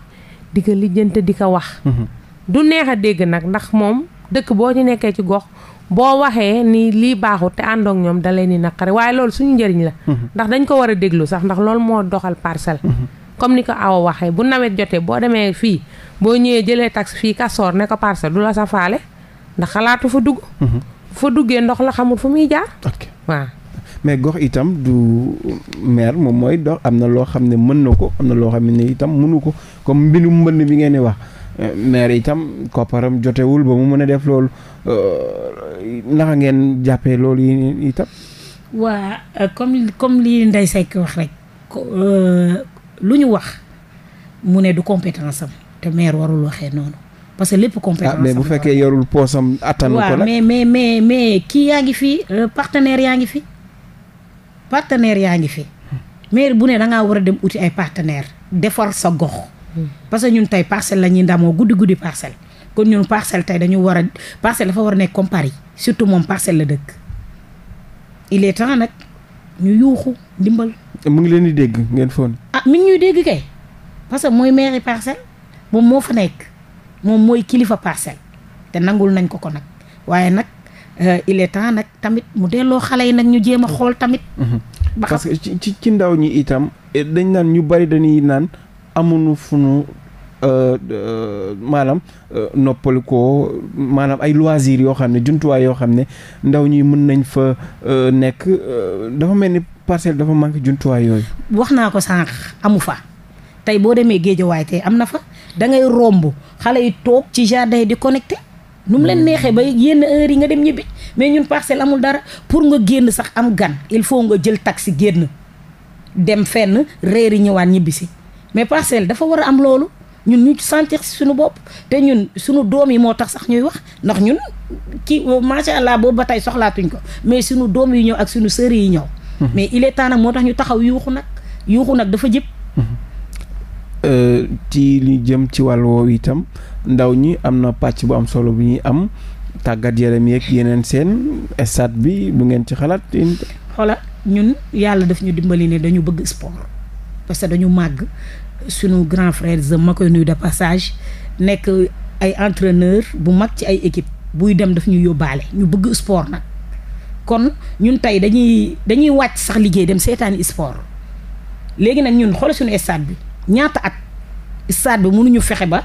di ko lijjante di ko wax. Mhm. du neex a dégg nag ndax moom dëkk boo ci nekkee ci gox boo waxee ni lii baaxut te àndoog ñoom da leen di naqare waaye loolu suñu njëriñ la. Mhm. ndax dañ ko war a déglu sax ndax loolu moo doxal parcelle. Mhm. comme ni ko awa waxee bu nawet jotee boo demee fii boo ñëwee jëlee tax fii kasoor ne ko parcelle du la sa ndax xalaatu fa dugg. fa duggee ndox la xamul fu muy jaar. mais gox itam du maire moom mooy dox am na loo xam ne mën na ko am na loo xam ne itam mënu ko comme mbirum mbënd bi ngeen di wax euh, maire itam kopparam jotewul ba mu mën a def loolu euh, naka ngeen jàppee loolu yi itam. waa euh, comme comme lii Ndeye Seck wax rek lu ñu wax mu ne du compétence am te maire warul waxee noonu parce que lépp compétence am ah, mais bu fekkee yorul poosam attanu ko mais mais mais kii yaa ngi fii partenaire yaa ngi fi. partenaire yaa ngi fi maire bu ne da ngaa war a dem uti ay partenaire defar sa gox parce que ñun tey parcelle la ñuy ndamoo guddi guddi parcelle kon ñun parcelle tey dañu war a parcelle dafa war a nekk comme Paris surtout moom parcelle la dëkk il est temps nag ñu yuuxu ndimbal mu ngi leen di dégg ngeen foon ah mi ngi ñuy dégg kay parce que mooy mairie parcelle moom moo fa nekk moom mooy kilifa parcelle te nangul nañ ko ko nag waaye nag Euh, il est nag tamit mu delloo xale yi nag ñu jéem a xool tamit. Mhm. parce que ci ci ndaw ñi itam eh, dañ naan ñu bari dañuy naan amuñu fu nu euh, euh, maanaam noppal ko maanaam ay loisir yoo xam ne jumtuwaay yoo xam ne ndaw ñi mën nañ fa nekk dafa mel ni parcelle dafa manqué jumtuwaay yooyu. wax naa ko sànq amu fa tey boo demee géejawaay tey am na fa dangay romb xale yi toog ci jardin di connecté. nu mu leen hmm. neexee ba yenn heure yi nga dem ñibbi mais ñun parcel amul dara pour nga génn sax am gan il faut nga jël taxi génn dem fenn réer yi ñëwaat ñibbi si mais parcelle dafa war a am loolu ñun ñu sentir si suñu bopp te ñun suñu doom yi moo tax sax ñuy wax ndax ñun kii macha allah boobu ba tey soxlaatuñ ko mais suñu doom yi ñëw ak suñu sœur yi ñëw. Hmm. mais il est temps moo tax ñu taxaw yuuxu nag yuuxu nag dafa jëpp. Hmm. Euh, ci li jëm ci wàll woow itam ndaw ñi am na pàcc bu am solo bu ñuy am tàggat yaram yeeg yeneen seen stade bi bu ngeen ci xalaat. xoola ñun yàlla daf ñu dimbali ne dañu bëgg sport parce que dañu màgg suñu grand frère Zem ma koy nuyu de passage nekk ay entraîneur bu mag ci ay équipe buy dem daf ñu yóbbaale ñu bëgg sport nag kon ñun tey dañuy dañuy wàcc sax liggéey dem seetaani sport léegi nag ñun xoola suñu stade bi ñaata at stade bi mënuñu fexe ba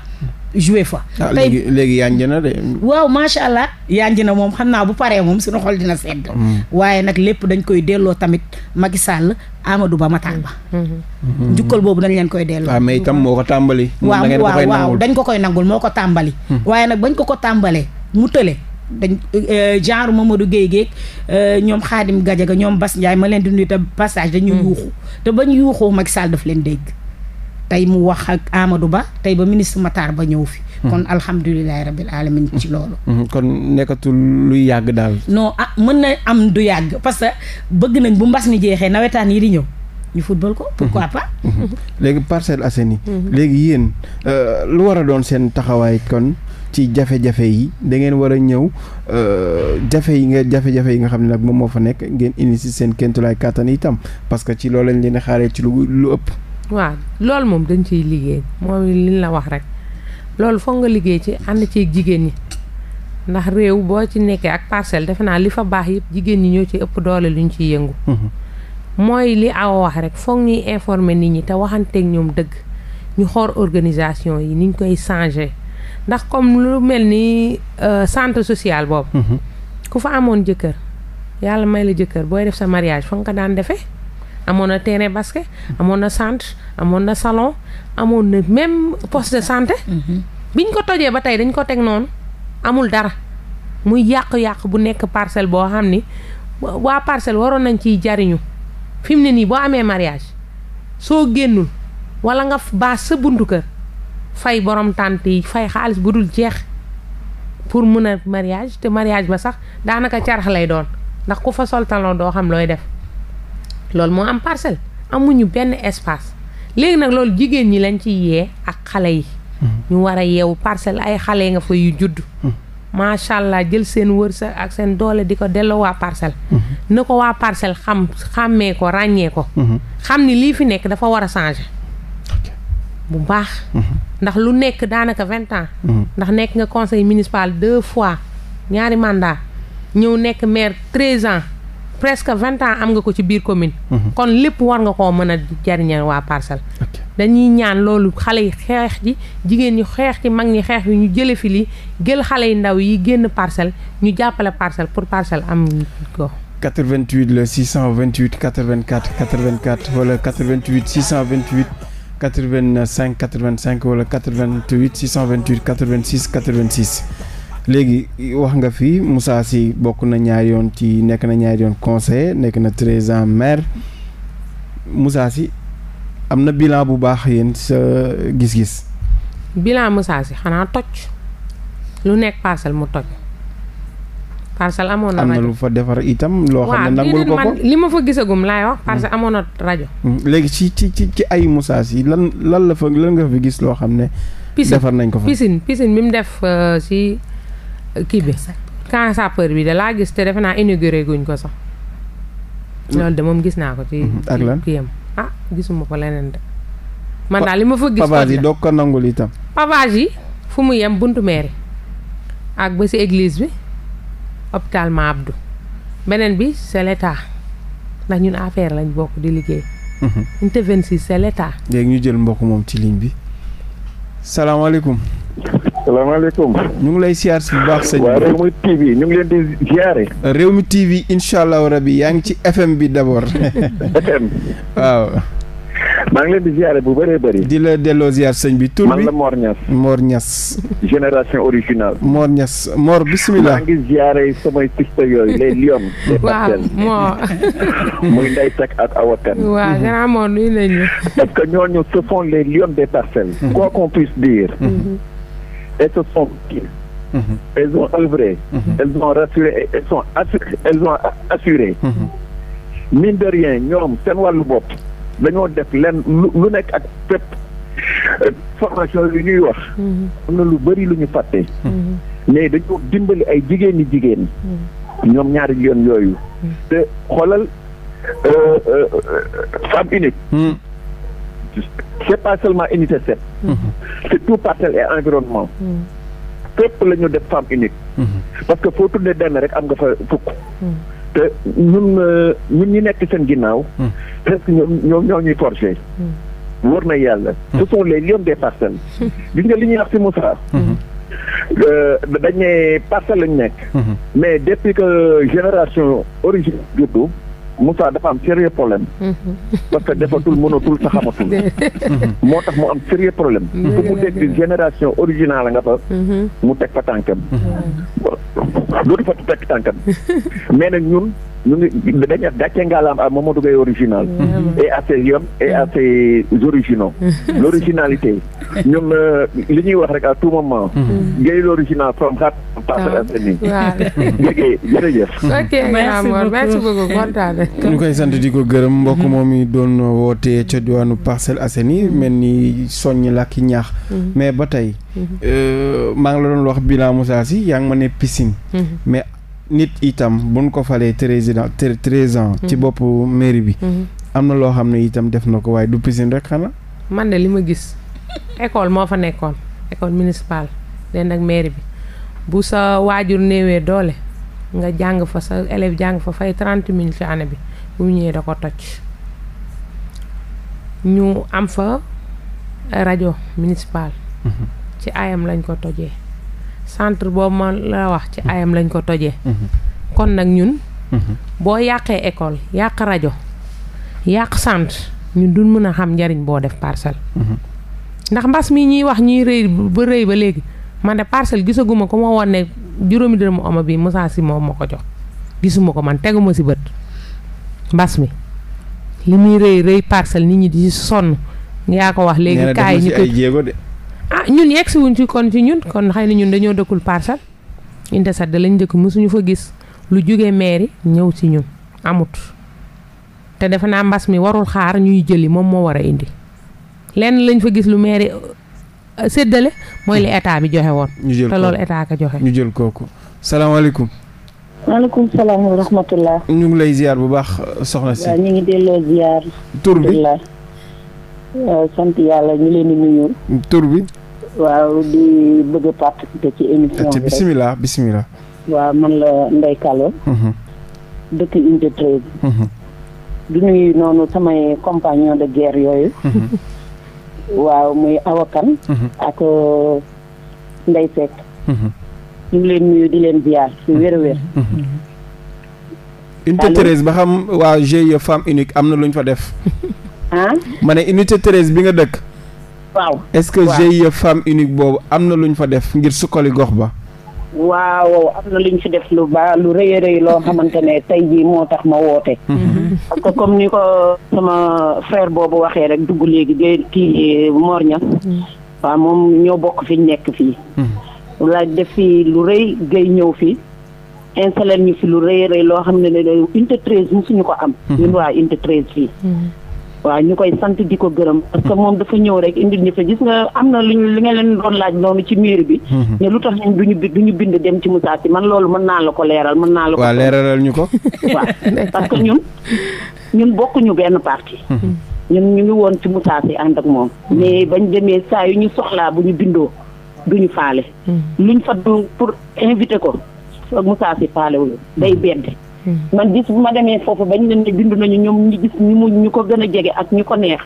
joué fa. Ah, tey léegi léegi na de. waaw macha allah yanj na moom xam naa bu paree moom suñu xol dina sedd. Mm. waaye nag lépp dañ koy delloo tamit Macky Sall Amadou Ba Matar Ba. Mm-hmm. Mm-hmm. Mm-hmm. njukkal boobu dañ leen koy delloo. waaw ah, mais itam moo ko tàmbali. waaw waaw dañ ko koy nangul moo ko tàmbali. Mm. waaye nag bañ ko ko tàmbalee mu tële. dañ euh, euh, genre Mamadou Guèye geeg euh, ñoom Khadim Gadiaga ñoom bas Ndiaye ma leen di nuyu te passage dañuy mm. yuuxu te bañ yuuxoo Macky Sall daf leen dégg. tey mu wax ak Amadou Ba tey ba ministre Matar Ba ñëw fi. Hmm. kon alhamdulilah rabbil alamin ci hmm. loolu. Hmm. kon nekkatul luy yàgg daal. no ah mën na am du yàgg parce que bëgg nañ bu mbas mi jeexee nawetaan yi di ñëw ñu football ko. pourquoi pa léegi Parcelles Assainies. léegi yéen euh, lu war a doon seen taxawaay kon. ci jafe-jafe yi da ngeen war a ñëw euh, jafe yi nga jafe-jafe yi nga xam ne nag moom moo fa nekk ngeen indi si seen kéntulaay kàttan itam parce que ci loolu lañ leen a xaaree ci lu lu ëpp. waaw loolu moom dañ ciy liggéey moom liñ la wax rek loolu foog nga liggéey ci ànd ci jigéen ñi ndax réew boo ci nekkee ak parcelle defe naa li fa baax yëpp jigéen ñi ñoo ci ëpp doole luñ ciy yëngu. Mhm. mooy li aw wax rek foog ñuy informer nit ñi te waxanteeg ñoom dëgg ñu xool organisation yi niñ koy changé ndax comme lu mel ni euh, centre social boobu. Mhm. ku fa amoon jëkkër yàlla may la jëkkër booy def sa mariage foog nga daan defee. amoon na terrain basket. amoon na centre amoon na salon amoon na même poste de santé. Mm-hmm. biñ ko tojee ba tey dañ ko teg noonu amul dara muy yàq-yàq bu nekk parcelle boo xam ni waa parcelle waroon nañ ciy jariñu fi mu ne nii boo amee mariage soo génnul wala nga baas sa buntu kër fay borom tànt yi fay xaalis bu dul jeex pour mun a mariage te mariage ba sax daanaka carax lay doon ndax ku fa soltaloo doo xam looy def loolu moo am parcelle amuñu benn espace léegi nag loolu jigéen ñi lañ ci yee ak xale yi. Mm-hmm. ñu war a yeewu parcelle ay xale nga fa yu juddu mm-hmm. macha allah jël seen wërsëg ak seen doole di ko delloo waa parcelle. Mm-hmm. na ko waa parcelle xam xàmmee ko ràññee ko. xam ni lii fi nekk dafa war a changer. bu baax. ndax lu nekk daanaka vingt ans. ndax nekk nga conseil municipal deux fois ñaari mandat ñëw nekk maire treize ans. presque vingt ans am nga ko ci biir commune. Mhm. kon lépp war nga koo mën a jariñe waa parcelle. dañuy ñaan loolu xale yi xeex ji jigéen ñi xeex ci mag ñi xeex yi ñu jële fi lii jël xale yu ndaw yi génn parcelle ñu jàppale parcelle pour parcelle am ko 88 le 628 84 84 wala 88 628 85 85 wala 88 628 86 86. léegi wax nga fi Moussa Sy bokk na ñaar yoon ci nekk na ñaari yoon conseil nekk na treize ans maire Moussa Sy am na bilan bu baax yéen sa gis-gis. bilan Moussa Sy xanaa toj lu nekk parcelle mu toj. parcelle amoon na rajo na lu fa defar itam. loo xam ne nangul ko ko li ma fa gisagum laay wax. Mm. parcelle amoon na rajo. Mm. léegi ci ci ci ci ay Moussa Sy lan lan la fa lan nga fa gis loo xam ne. defar nañ ko fa piscine piscine def ci. Euh, kii bi camp sapeur bi da laa gis te defe naa inauguré guñ ko sax. Mm-hmm. loolu de moom gis naa ko. ci mm-hmm. kii yem ah gisuma ko leneen de. man daal li ma fëgg gis. pavage yi doog ko nangul itam. pavage yi fu mu yem buntu mairie ak ba si église bi hôpital Ma Abdou beneen bi c'est l'état ndax ñun affaire lañ bokk di liggéey. Mm-hmm. unité 26 c'est l'état. léegi ñu jël mbokk moom ci ligne bi. salaamaaleykum. salaamaaleykum. ñu ngi lay siyaar si bu baax sëñ bi. waaw Rewmi TV ñu ngi leen di siyaare. Rewmi TV incha allahu rabi yaa ngi ci FM bi d' abord. FM. waaw. maa ngi leen di ziare bu baree bëri. di la delloo ziar sëñ bi tu bi man la Mor Niass. Mor génération originale. Mor Niass Mor bisimilah. maa ngi ziare samay piste yooyu les lions. waaw Mor muy Ndeye Seck ak Awa Kane. waaw mhm. grand Mor nuyu nañu. parce que ñooñu ce sont les lions des parcelles. Mhm. quoi qu'on puisse dire. Mhm. et ce sont. elles ont œuvré. elles ont rassuré elles ñoom seen wàllu bopp. dañoo def lenn lu nekk ak fépp euh, formation yu ñuy wax mm-hmm. am na lu bëri lu ñu fàtte mm-hmm. mais dañoo dimbali ay jigéen ñi jigéen mm-hmm. ñoom ñaari jigéen yooyu te xoolal euh, euh, femme unique c'est pas seulement unité sept c'est tout parcelle et environnement fépp la def femme unique parce que foo tuddee benn rek am nga fa fukk te ñun euh, ñun ñi nekk seen ginnaaw. Hmm. presque ñoom ñoom ñoo ñuy forcé. Hmm. wóor na yàlla. Hmm. ce sont les lions des parcelles. gis nga li ñuy wax ci euh, ne parcelle lañ nekk. mais depuis que génération origine juddu. Moussa dafa am sérieux problème. Mhm. parce que defatul mënatul sa xamatul. Mhm. moo tax mu am sérieux problème. fu mhm. mu dégg génération originale nga fa. mu teg fa tànkam. dootu fa teg tànkam mais nag ñun. ñu ngi dañuy gàcce ngaalaam à Mamadou Gueye original. Mm-hmm. Mm-hmm. et à ses hommes et à ses mm-hmm. euh, li ñuy wax rek à tout moment. Gueye l'original from heart pass ah, ni Gueye jërëjëf. ok ñu koy sant di ko gërëm mbokk moom yi doon wootee ca diwaanu Parcelles Assainies mel ni soññ la ki ñaax. mais ba tey euh, maa ngi la doon wax bilan Moussa si yaa ngi ma ne piscine mais. nit itam buñ ko falee treize treize ans ci mhm. boppu mairie bi mhm. am na loo xam ne itam def na ko waaye du piscine rek xanaa man de li ma gis école moo fa nekkoon école municipale den ak mairie bi bu sa waajur néewee doole nga jàng fa sa élève jàng fa fay trente mille ci année bi bu ñëwee da ko toj ñu am fa rajo municipale mhm. ci ayam lañ ko tojee centre boobu ma la wax ci ayam lañ ko toje mhm. kon nag ñun mhm. boo yàqee école yàq rajo yàq centre ñu duñ mën a xam njariñ boo def parcelle mhm. ndax mbas mi ñuy wax ñuy rëy ba rëy ba léegi man de parcelle gisaguma ko ma woon ne juróomi dërëmu oma bi Moussa si moom ma ko jox gisuma ko man teguma si bët mbas mi li muy rëy rëy parcelle nit ñi di si sonn yaa ko wax léegi kaay ñu ko ah ñun yegg si wuñ ci kon ci ñun kon xëy na ñun dañoo dëkkul parcelle Unité 7 lañ dëkk mësuñu fa gis lu jóge mairie ñëw ci ñun amut te defe naa mbas mi warul xaar ñuy jëli moom moo war a indi lenn lañ fa gis lu mairie euh, séddale mooy li état bi joxe woon. ñu jël te loolu état ka joxe. ñu jël kooku salaamaaleykum. maaleykum salaam wa rahmatullah. ñu lay ziar bu baax soxna si. ñu ngi delloo ziar. tur bi tur sant yàlla ñu leen di nuyu. tur bi. waaw di bëgg a participer ci émission bi. bisimilah bisimilah. waaw man la Ndeye Kallo. Mhm. dëkk unité mhm. du nuyu noonu samay compagnon de guerre yooyu. Mhm. waaw muy awakan. ak euh, Ndeye Seck. ñu ngi leen nuyu di leen ziar ci wér wér. unité ba xam waa GIE femme unique am na lu ñu fa def. ah ma ne unité bi nga dëkk. waaw est-ce que GIE femme boobu am na lu ñu fa def ngir sukkali gox ba. waaw am na lu ñu fi def lu ba lu rëy a rëy loo xamante ne tey jii moo tax ma woote. Mhm. parce que comme ni ko sama frère boobu waxee rek dugg léegi géej kii Mor Niang. Mhm. waaw moom ñoo bokk fi ñu nekk fii. Mhm. la def fii lu rëy gay ñëw fii. installé ñu fi lu rëy a loo xam ne ne unité 13 ko am. ñun waa unité fii. waaw ñu koy sant di ko gërëm parce que moom dafa ñëw rek indi ñu fa gis nga am na lu ñu li nga leen doon laaj noonu ci miir bi. Mhm. ne lu tax ñun duñu ñu bind dem ci Moussa Sy man loolu mën naa la ko leeral mën naa la ko. waaw leeralal ñu ko. waaw parce que ñun ñun bokkuñu benn parti. Mhm. ñun ñu ngi woon ci Moussa Sy ànd ak moom. Mhm. mais bañ demee saa yu ñu soxlaa bu ñu bindoo ñu faale. luñ fa du pour invité ko Moussa Sy faale wu day bedde man bis bu ma demee foofu bañ leen ne bind nañu ñoom ñi gis ñu mu ñu ko gën a jege ak ñu ko neex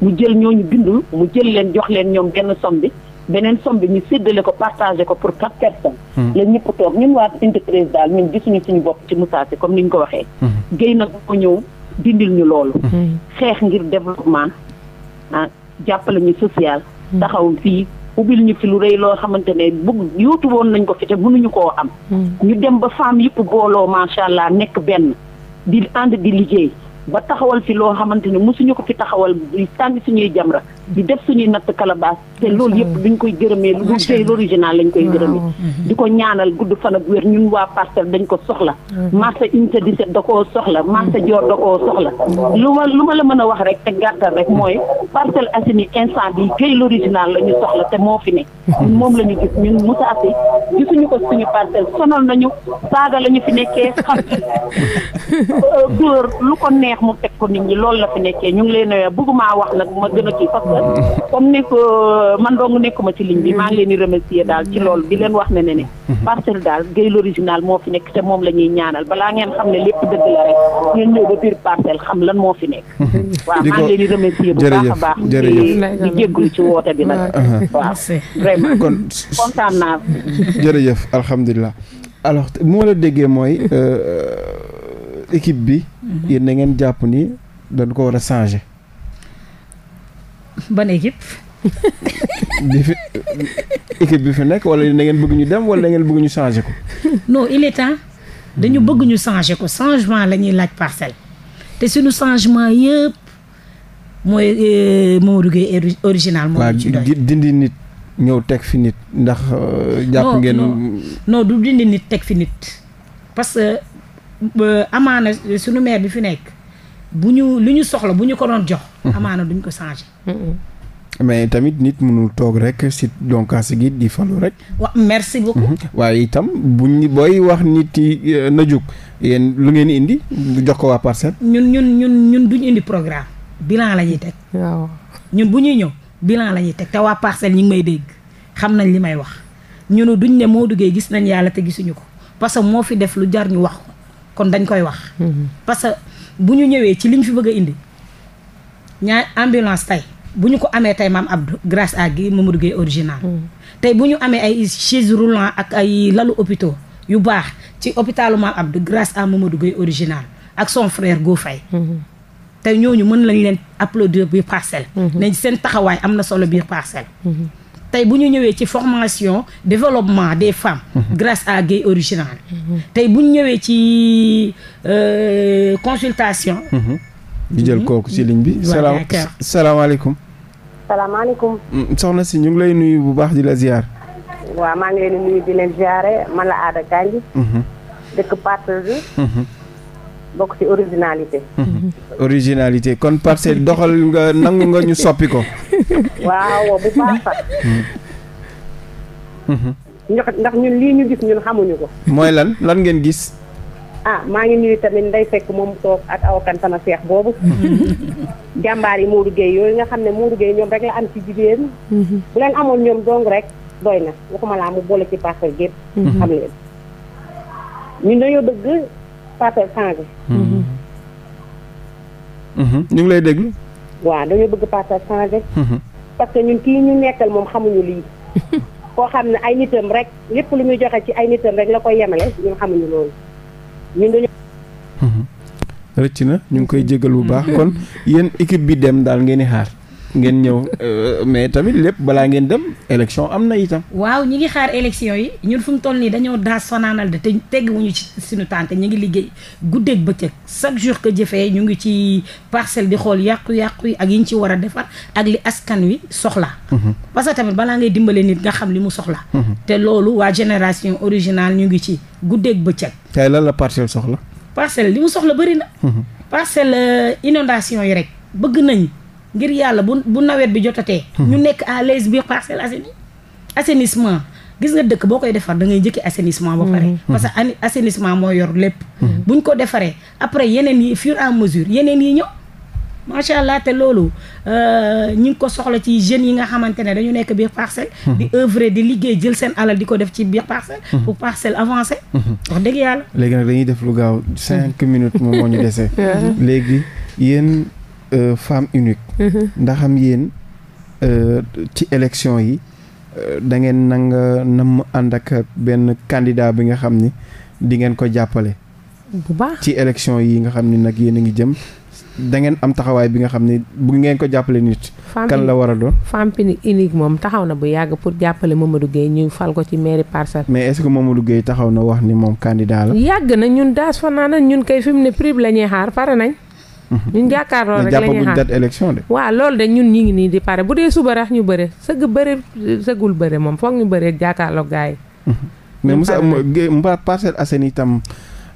mu jël ñooñu bindul mu jël leen jox leen ñoom benn somme bi beneen somme bi ñu séddale ko partagé ko pour quatre personnes. Hmm. la ñëpp toog ñun waa Unité 13 daal ñun gisuñu suñu bopp ci Moussa Sy comme ni ñu ko waxee. Hmm. géy nag ko ñëw dindil ñu loolu. Hmm. xeex ngir développement ah jàppale ñu social. taxaw fii. ubbil ñu fi lu rëy loo xamante ne bëgg yóotu woon nañ ko fi te mënuñu koo am. Hmm. ñu dem ba femme yëpp booloo macha allah nekk benn di ànd di liggéey ba taxawal fi loo xamante ne mosuñu ko fi taxawal tànn suñuy jamra di def suñuy natt kalabaas te loolu yëpp duñ koy gërëmee lu dul l'original lañ koy gërëmee mhm. di ko ñaanal gudd fan ak wér ñun waa parcelle dañ ko soxla mhm. marché unité 17 da koo soxla marché mhm. Dior da koo soxla lu ma lu ma la mën a wax rek te gàttal rek mooy Parcelles Assainies instant bi géy l'original la ñu soxla te moo fi nekk moom la ñu gis ñun Moussa Sy gisuñu ko suñu parcelle sonal nañu saaga la ñu fi nekkee xam euh, dóor lu ko neex mu teg ko nit ñi loolu la nekkee ñu ngi leen bëgguma wax nag ma gën a kii parce que comme nekk man dong nekkuma ci ligne bi maa ngi leen daal ci loolu di leen wax ne ne ne parcelle daal Gueye l'original moo fi nekk te moom la ñuy ñaanal balaa ngeen xam ne lépp dëgg la rek ngeen ñëw ba xam lan moo fi nekk mhm. waaw maa ngi leen bu baax a baax di jéggul ci woote bi nag kon kontaan alhamdulilah alors moo la déggee mooy euh, équipe bi mhm. yéen na ngeen jàpp ni dañ ko war a changer ban équipe. bi fi équipe bi fi nekk wala da ngeen bëgg dem wala da ngeen bëgg ñu changer ko. non il est temps dañu bëgguñu ñu changer ko changement la ñuy laaj parcelle te suñu changement yëpp mooy euh, Mamadou Gueye original. moo ci doy dindi nit ñëw teg fi nit ndax. Euh, jàpp ngeen non du dindi nit teg fi nit parce que euh, amaana suñu maire bi fi nekk. bu ñu lu ñu soxla bu ñu ko doon jox. Mhm. amaana duñ ko changé. Mhm. mais tamit nit mënul toog rek si donkaas gi di falu rek. wa merci beaucoup. Mhm. waaye itam buñ booy wax nit yi eh, na jóg lu ngeen indi jox ko waa parcelle. ñun ñun ñun ñun duñ indi programme bilan la ñuy teg. ñun bu ñuy ñëw bilan la ñuy teg te waa parcelle ñi may dégg xam nañ li may wax ñunu duñ ne moo duggee gis nañ yàlla te gisuñu ko parce que moo fi def lu jar ñu wax ko kon dañ koy wax. parce bu ñu ñëwee ci li ñu fi bëgg a indi ñaar ambulance tey bu ñu ko amee tey maam ab grâce à gi Mamadou Gueye original hmm. tey bu ñu amee ay chaise roulant ak ay lalu hôpitaux yu baax ci hôpitalu ab Abdou grâce à Mamadou Gueye original ak son frère Go fay hmm. tey ñooñu mën lañ leen applaudir biir parcelle. Hmm. ne seen taxawaay am na solo biir parcelle. tey bu ñu ñëwee ci formation développement des femmes. Mhm. grâce à Gueye original. Mhm. tey bu ñu ñëwee ci euh, consultation. Mhm. ñu jël kooku ci ligne bi. salaam salaamaaleykum. salaamaaleykum. Mm, soxna si ñu ngi lay nuyu bu baax di la ziar. waaw maa ngi leen di nuyu di leen ziare man la Aada Kanji. dëkk Patte bi. bokk ci originalité. originalité kon parce doxal nga nangu nga ñu soppi ko. waaw bu baax sax. Mhm. ndax ñun lii ñu gis ñun xamuñu ko. mooy lan lan ngeen gis. ah maa ngi nuyu tamit nday fekk moom toog ak awakan sama seex boobu. jàmbaar yi moo Gueye yooyu nga xam ne moo Gueye ñoom rek la am ci jigéen. Mhm. bu leen amoon ñoom dong rek doy na waxuma laa mu boole ci parcelle gépp mhm. xam leen ñun dañoo bëgg. pape sang bi. ñu ngi lay déglu. waaw dañoo bëgg pape sang mm-hmm. parce que ñun kii ñu nekkal moom xamuñu lii. koo xam ne ay nitam rek lépp lu muy joxe ci ay nitam rek la ko yemale ñun xamuñu loolu ñun dañu. Mm-hmm. rëcc na ñu ngi koy jégal bu baax mm-hmm. kon yéen équipe bi dem daal ngeen di xaar. ngeen ñëw euh, mais tamit lépp balaa ngeen dem élection am na itam. waaw ñi ngi xaar élection yi ñun fu mu toll nii dañoo daas fanaanal de te tegguwuñu ci suñu tànk ñu ngi liggéey guddeeg bëccëg chaque jours que jëfee ñu ngi ci parcelle di xool yàqu-yàqu yi ak yi ñu ci war a defar ak li askan wi soxla mhm. parce que tamit balaa ngay dimbale nit nga xam li mu soxla mhm. te loolu waa génération originale ñu ngi ci guddeeg bëccëg. tey lan la parcelle soxla. parcelle li mu soxla bëri na. Mhm. parcelle euh, inondation yi rek bëgg nañ ngir yàlla bu bu nawet bi jotatee. Hmm. ñu nekk à l'aise biir Parcelles Assainies assainissement gis nga dëkk boo koy defar da ngay njëkki assainissement ba pare hmm. parce que hmm. assainissement moo yor lépp buñ ko defaree après yeneen yi fur et à mesure yeneen yi ñëw macha allah te loolu euh, ñu ngi ko soxla ci jeunes yi nga xamante ne dañu nekk biir parcelle di œuvrer di liggéey jël seen alal di ko def ci biir parcelle pour parcelle avancé wax dëgg yàlla léegi nag dañuy def lu gaaw cinq minutes Euh, femme unique mhm. ndaxam yéen euh, ci élection yi euh, da ngeen nanga nam ànd ak benn candidat bi nga xam ni di ngeen ko jàppale bu baax ci élection yi nga xam ni nag yéen a ngi jëm da ngeen am taxawaay bi nga xam ne bu ngeen ko jàppale nit. kan la war a doon femme unique moom taxaw na bu yàgg pour jàppale Mamadou Gueye ñu fal ko ci mairie Parcelles. mais est-ce que Mamadou Gueye taxaw na wax ni moom candidat la. yàgg na ñun daas fa naa ñun kay fi mu ne prix la ñuy xaar pare na Mhm. ñun jàkkaarloo rek la ñuy xaar date de. waaw loolu de ñun ñu nii di pare bu dee suba rax ñu bëre sëg bëre sëggul bëre moom foog ñu bëre jàkkaarloo gars yi. Mhm. mais Moussa Mba Parcelles Assainies itam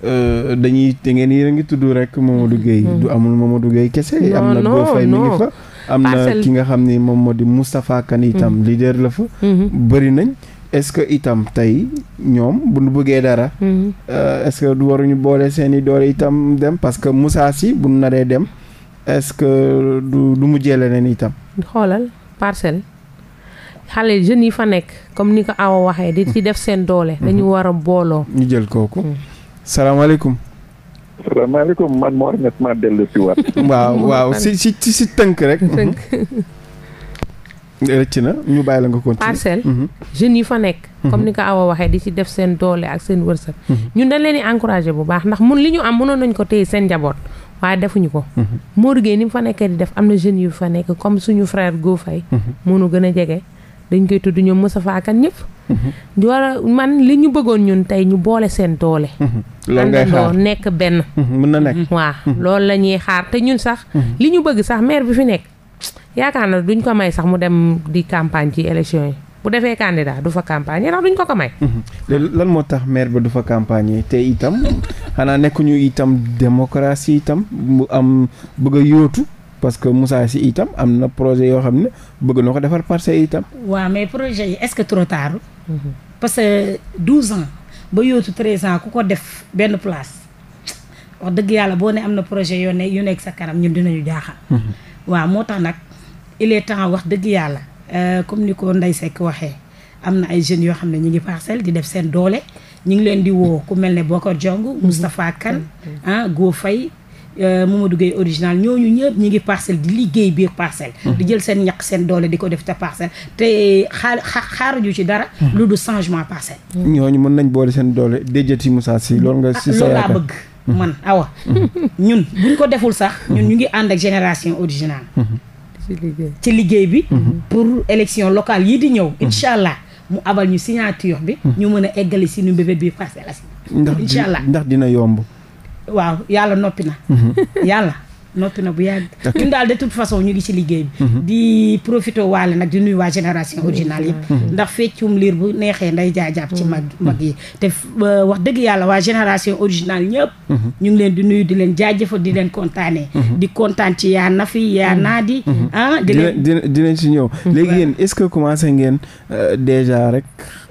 euh, dañuy dangeen ngeen yéen a ngi tudd rek Mamadou Gueye. Mhm. du amul Mamadou Gueye kese. am na Go Faye mi fa. am na ki nga xam ni moom moo di Moustapha Kane itam leader la fa. bëri nañ. est-ce que itam tey ñoom bu nu bëggee dara. Mm-hmm. Euh, est-ce que du waruñu boole seeni doole itam dem parce que Moussa Sy bu nu naree dem est que du du mujjee leen itam. xoolal parcelle xale jeunes yi fa nekk comme ni ko a waxee di ci def seen doole. Mm-hmm. dañu war a booloo. ñu jël kooku. Mm. salaamaaleykum. salaamaaleykum man moo rafet maa dellu si waat. waaw waaw si si si tënk rek. tënk. Mm-hmm. rëcc na ñu bàyyi la nga continuer parcelle mhm. jeunes yi fa nekk mhm. comme ni ko Awa waxee di ci def seen doole ak seen wërsëg mhm. ñun dañ leen di encouragé bu baax ndax mun li ñu am munoon nañ ko téye seen njaboot waaye defuñu ko Modou Gueye ni mu fa nekkee di def am na jeunes yu fa nekk comme suñu frère Go Faye mënu gën a jege dañ koy tudd ñoom Moussa Fakan ñëpp joora man li ñu bëggoon ñun tey ñu boole seen doole loolu ngay xaar nekk benn mën na nekk loolu la ñuy xaar te ñun sax li ñu bëgg sax maire bi fi nekk yaakaar na duñ ko may sax mu dem di campagne ci élection yi bu defee candidat du fa campagne ndax duñ ko ko may. Mhm. lan moo tax maire ba du fa campagne te itam xanaa nekkuñu itam démocratie itam mu am bëgg a yóotu parce que Moussa si itam am na projet yoo xam ne bëgg na ko defar parcelle itam. waaw mais projet yi est-ce que trop tard. Mhm. parce que 12 ans ba yóotu 13 ans ku ko def benn place wax dëgg yàlla boo ne am na projet yoo ne yu nekk sa kanam ñun dinañu jaaxal. Mhm. waaw moo tax nag il est temps wax dëgg yàlla euh, comme ni ko Ndeye Seck waxee am na ay jeunes yoo xam ne ñu ngi parcelle di def seen doole ñu ngi leen di woo ku mel ne Bokar Jong mm-hmm. Moustapha kan mm-hmm. ah Go Faye euh, Mamadou Gueye original ñooñu ñëpp ñi ngi parcelle di liggéey biir parcelle mm-hmm. di jël seen ñaq seen doole di ko def te parcelle te xaar xaaruñu ci dara lu du changement parcelle ñooñu mën nañ boole seen doole déjati Moussa si loolu nga ah, si sa yaakaar loolu laa bëgg man awa ñun buñ ko deful sax ñun ñu ngi ànd ak génération originale ci liggéey bi mhm. pour élection locale yi di ñëw mhm. incha allah mu abal ñu signature bi mhm. ñu mën a eggale si nu bébé bi passé la si incha allah ndax dina yomb waaw yàlla noppi na yàlla noppi na bu yàgg ñun daal de toute façon ñu ngi ci liggéey bi mhm. di profité waale nag di nuyu waa génération mhm. originale yëpp mhm. ndax feccum liir bu neexee nday jaajàpp ci mag mag yi te wax dëgg yàlla waa génération originale ñëpp ñu ngi leen di nuyu di leen jaajëfal di leen kontaanee di kontaan ci yaa nafi yaa naadi ah di leen dinañ ci ñëw léegi yéen est-ce que commencé ngeen euh, déjà rek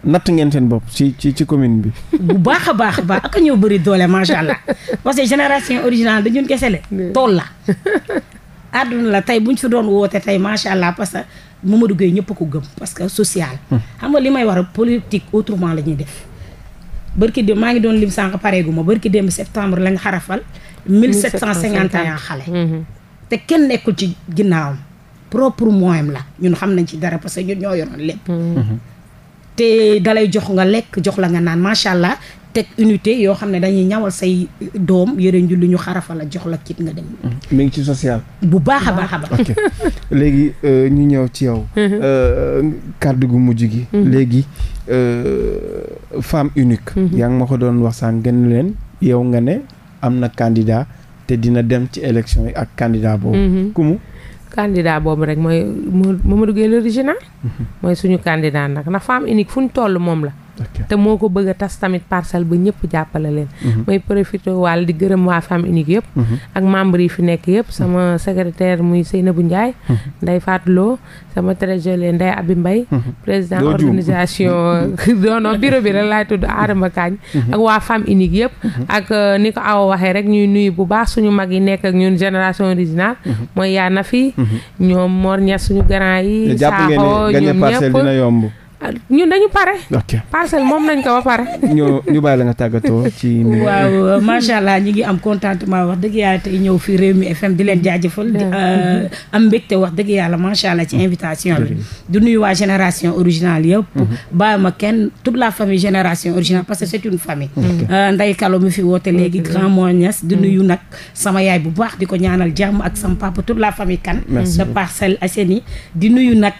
natt ngeen seen bopp ci ci ci commune bi. bu baax a baax a baax ñëw bari doole macha allah parce que génération originale du ñun kese la. tool la. àdduna la tey bu ñu fi doon woote tey macha allah parce que Mamadou Gueye ñëpp ko gëm parce que social. Hmm. xam nga li may war wax politique autrement la ñuy def. barki démb maa ngi doon lim sànq pareegu ma barki démb septembre lañ xarafal. 1751 xale. Mhm. te kenn nekkul ci ginnaawam. propre moyen la ñun xam nañ ci dara parce que ñun ñoo yoroon lépp. Mhm. Mhm. te dalay jox nga lekk jox la nga naan macha allah teg unité yoo xam ne dañuy ñawal say doom yëre nju lu ñu xarafa la jox la kit nga dem. mi ngi ci social. bu baax a baax a baax. ok léegi euh, ñu ñëw ci yow. Mhm. Euh, kàddu gu mujj gi. Mhm. léegi euh, femme unique. Mhm. yaa ngi ma ko doon wax sànq leen yow nga ne am na candidat te dina dem ci élection yi ak candidat boobu. kumu candidat boobu rek mooy duggee Gueye l'original. Mhm. mooy suñu candidat nag ndax femme unique fu ñu toll moom la. te moo ko bëgg a tas tamit parcelle ba ñëpp jàppale leen mooy mhm. profité wàll di gërëm waa femme unique yëpp mhm. ak membre yi fi nekk yëpp mhm. sama secrétaire muy Seynabou Ndiaye Ndeye Fatou Lo sama trésorier Ndeye Abi mbay président organisation euh, non non bi rek laay tudd Adama Kagne ak waa femme unique yëpp ak euh, ni ko aw waxee rek ñuy nuyu bu baax suñu mag yi nekk ak ñun génération originale mooy yaa na fi ñoom Mor Niass suñu grand yi saaxoo ñoom ñëpp Ah, ñun dañu pare. ok parcelle moom nañ ko ba pare. ñu ñu bàyyi la nga tàggatoo ci. waaw macha allah ñu ngi am contentement wax dëgg yàlla tey ñëw fi Rewmi FM di leen jaajëfal. Euh, am mbégte wax dëgg yàlla macha allah ci mm. invitation bi. du nuyu waa génération originale yëpp. Mm-hmm. bàyyi ma kenn toute la famille génération originale parce que c'est une famille. Mm-hmm. Euh, nday kalo mi fi woote léegi grand moñas di mm-hmm. nuyu nag sama yaay bu baax di ko ñaanal jàmm ak sama papa la famille kan. de di nuyu nag.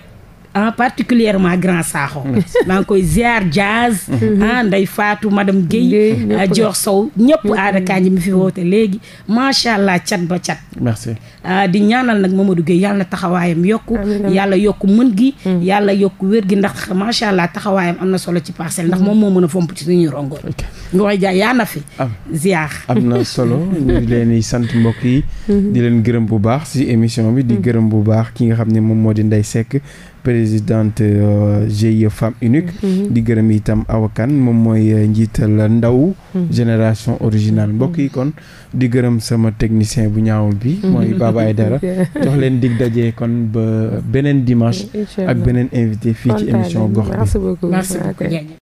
ah particulièrement grand Sakho mm. maa ngi koy ziar Diaz mm-hmm. mm-hmm. ah faatu Fatou madame mm-hmm. Guèye ah, Sow ñëpp aada kanji fi woote léegi macha allah cat ba cat merci ah di ñaanal nag moom Mamadou Guèye yàlla taxawaayam yokk yàlla yokk mën gi yàlla yokk wér gi ndax macha allah taxawaayam am na solo ci parcelle ndax moom moo mën a fomp ci suñuy rongoon nga wax jaay yaa na fi ziar am na solo ñu leen sant mbokk yi di leen gërëm bu baax si émission bi di gërëm bu baax ki nga xam ne moom moo di Ndeye Seck présidente euh, GIE Femme Unique. Mm-hmm. Mm-hmm. di gërëm itam Awa Kane moom mooy euh, njiital ndaw. Mm-hmm. génération originale mbokk yi kon di gërëm sama technicien bu ñaaw bi. mooy Baba Aïdara jox leen dig daje kon ba beneen dimanche. ak beneen invité fii ci émission gox bi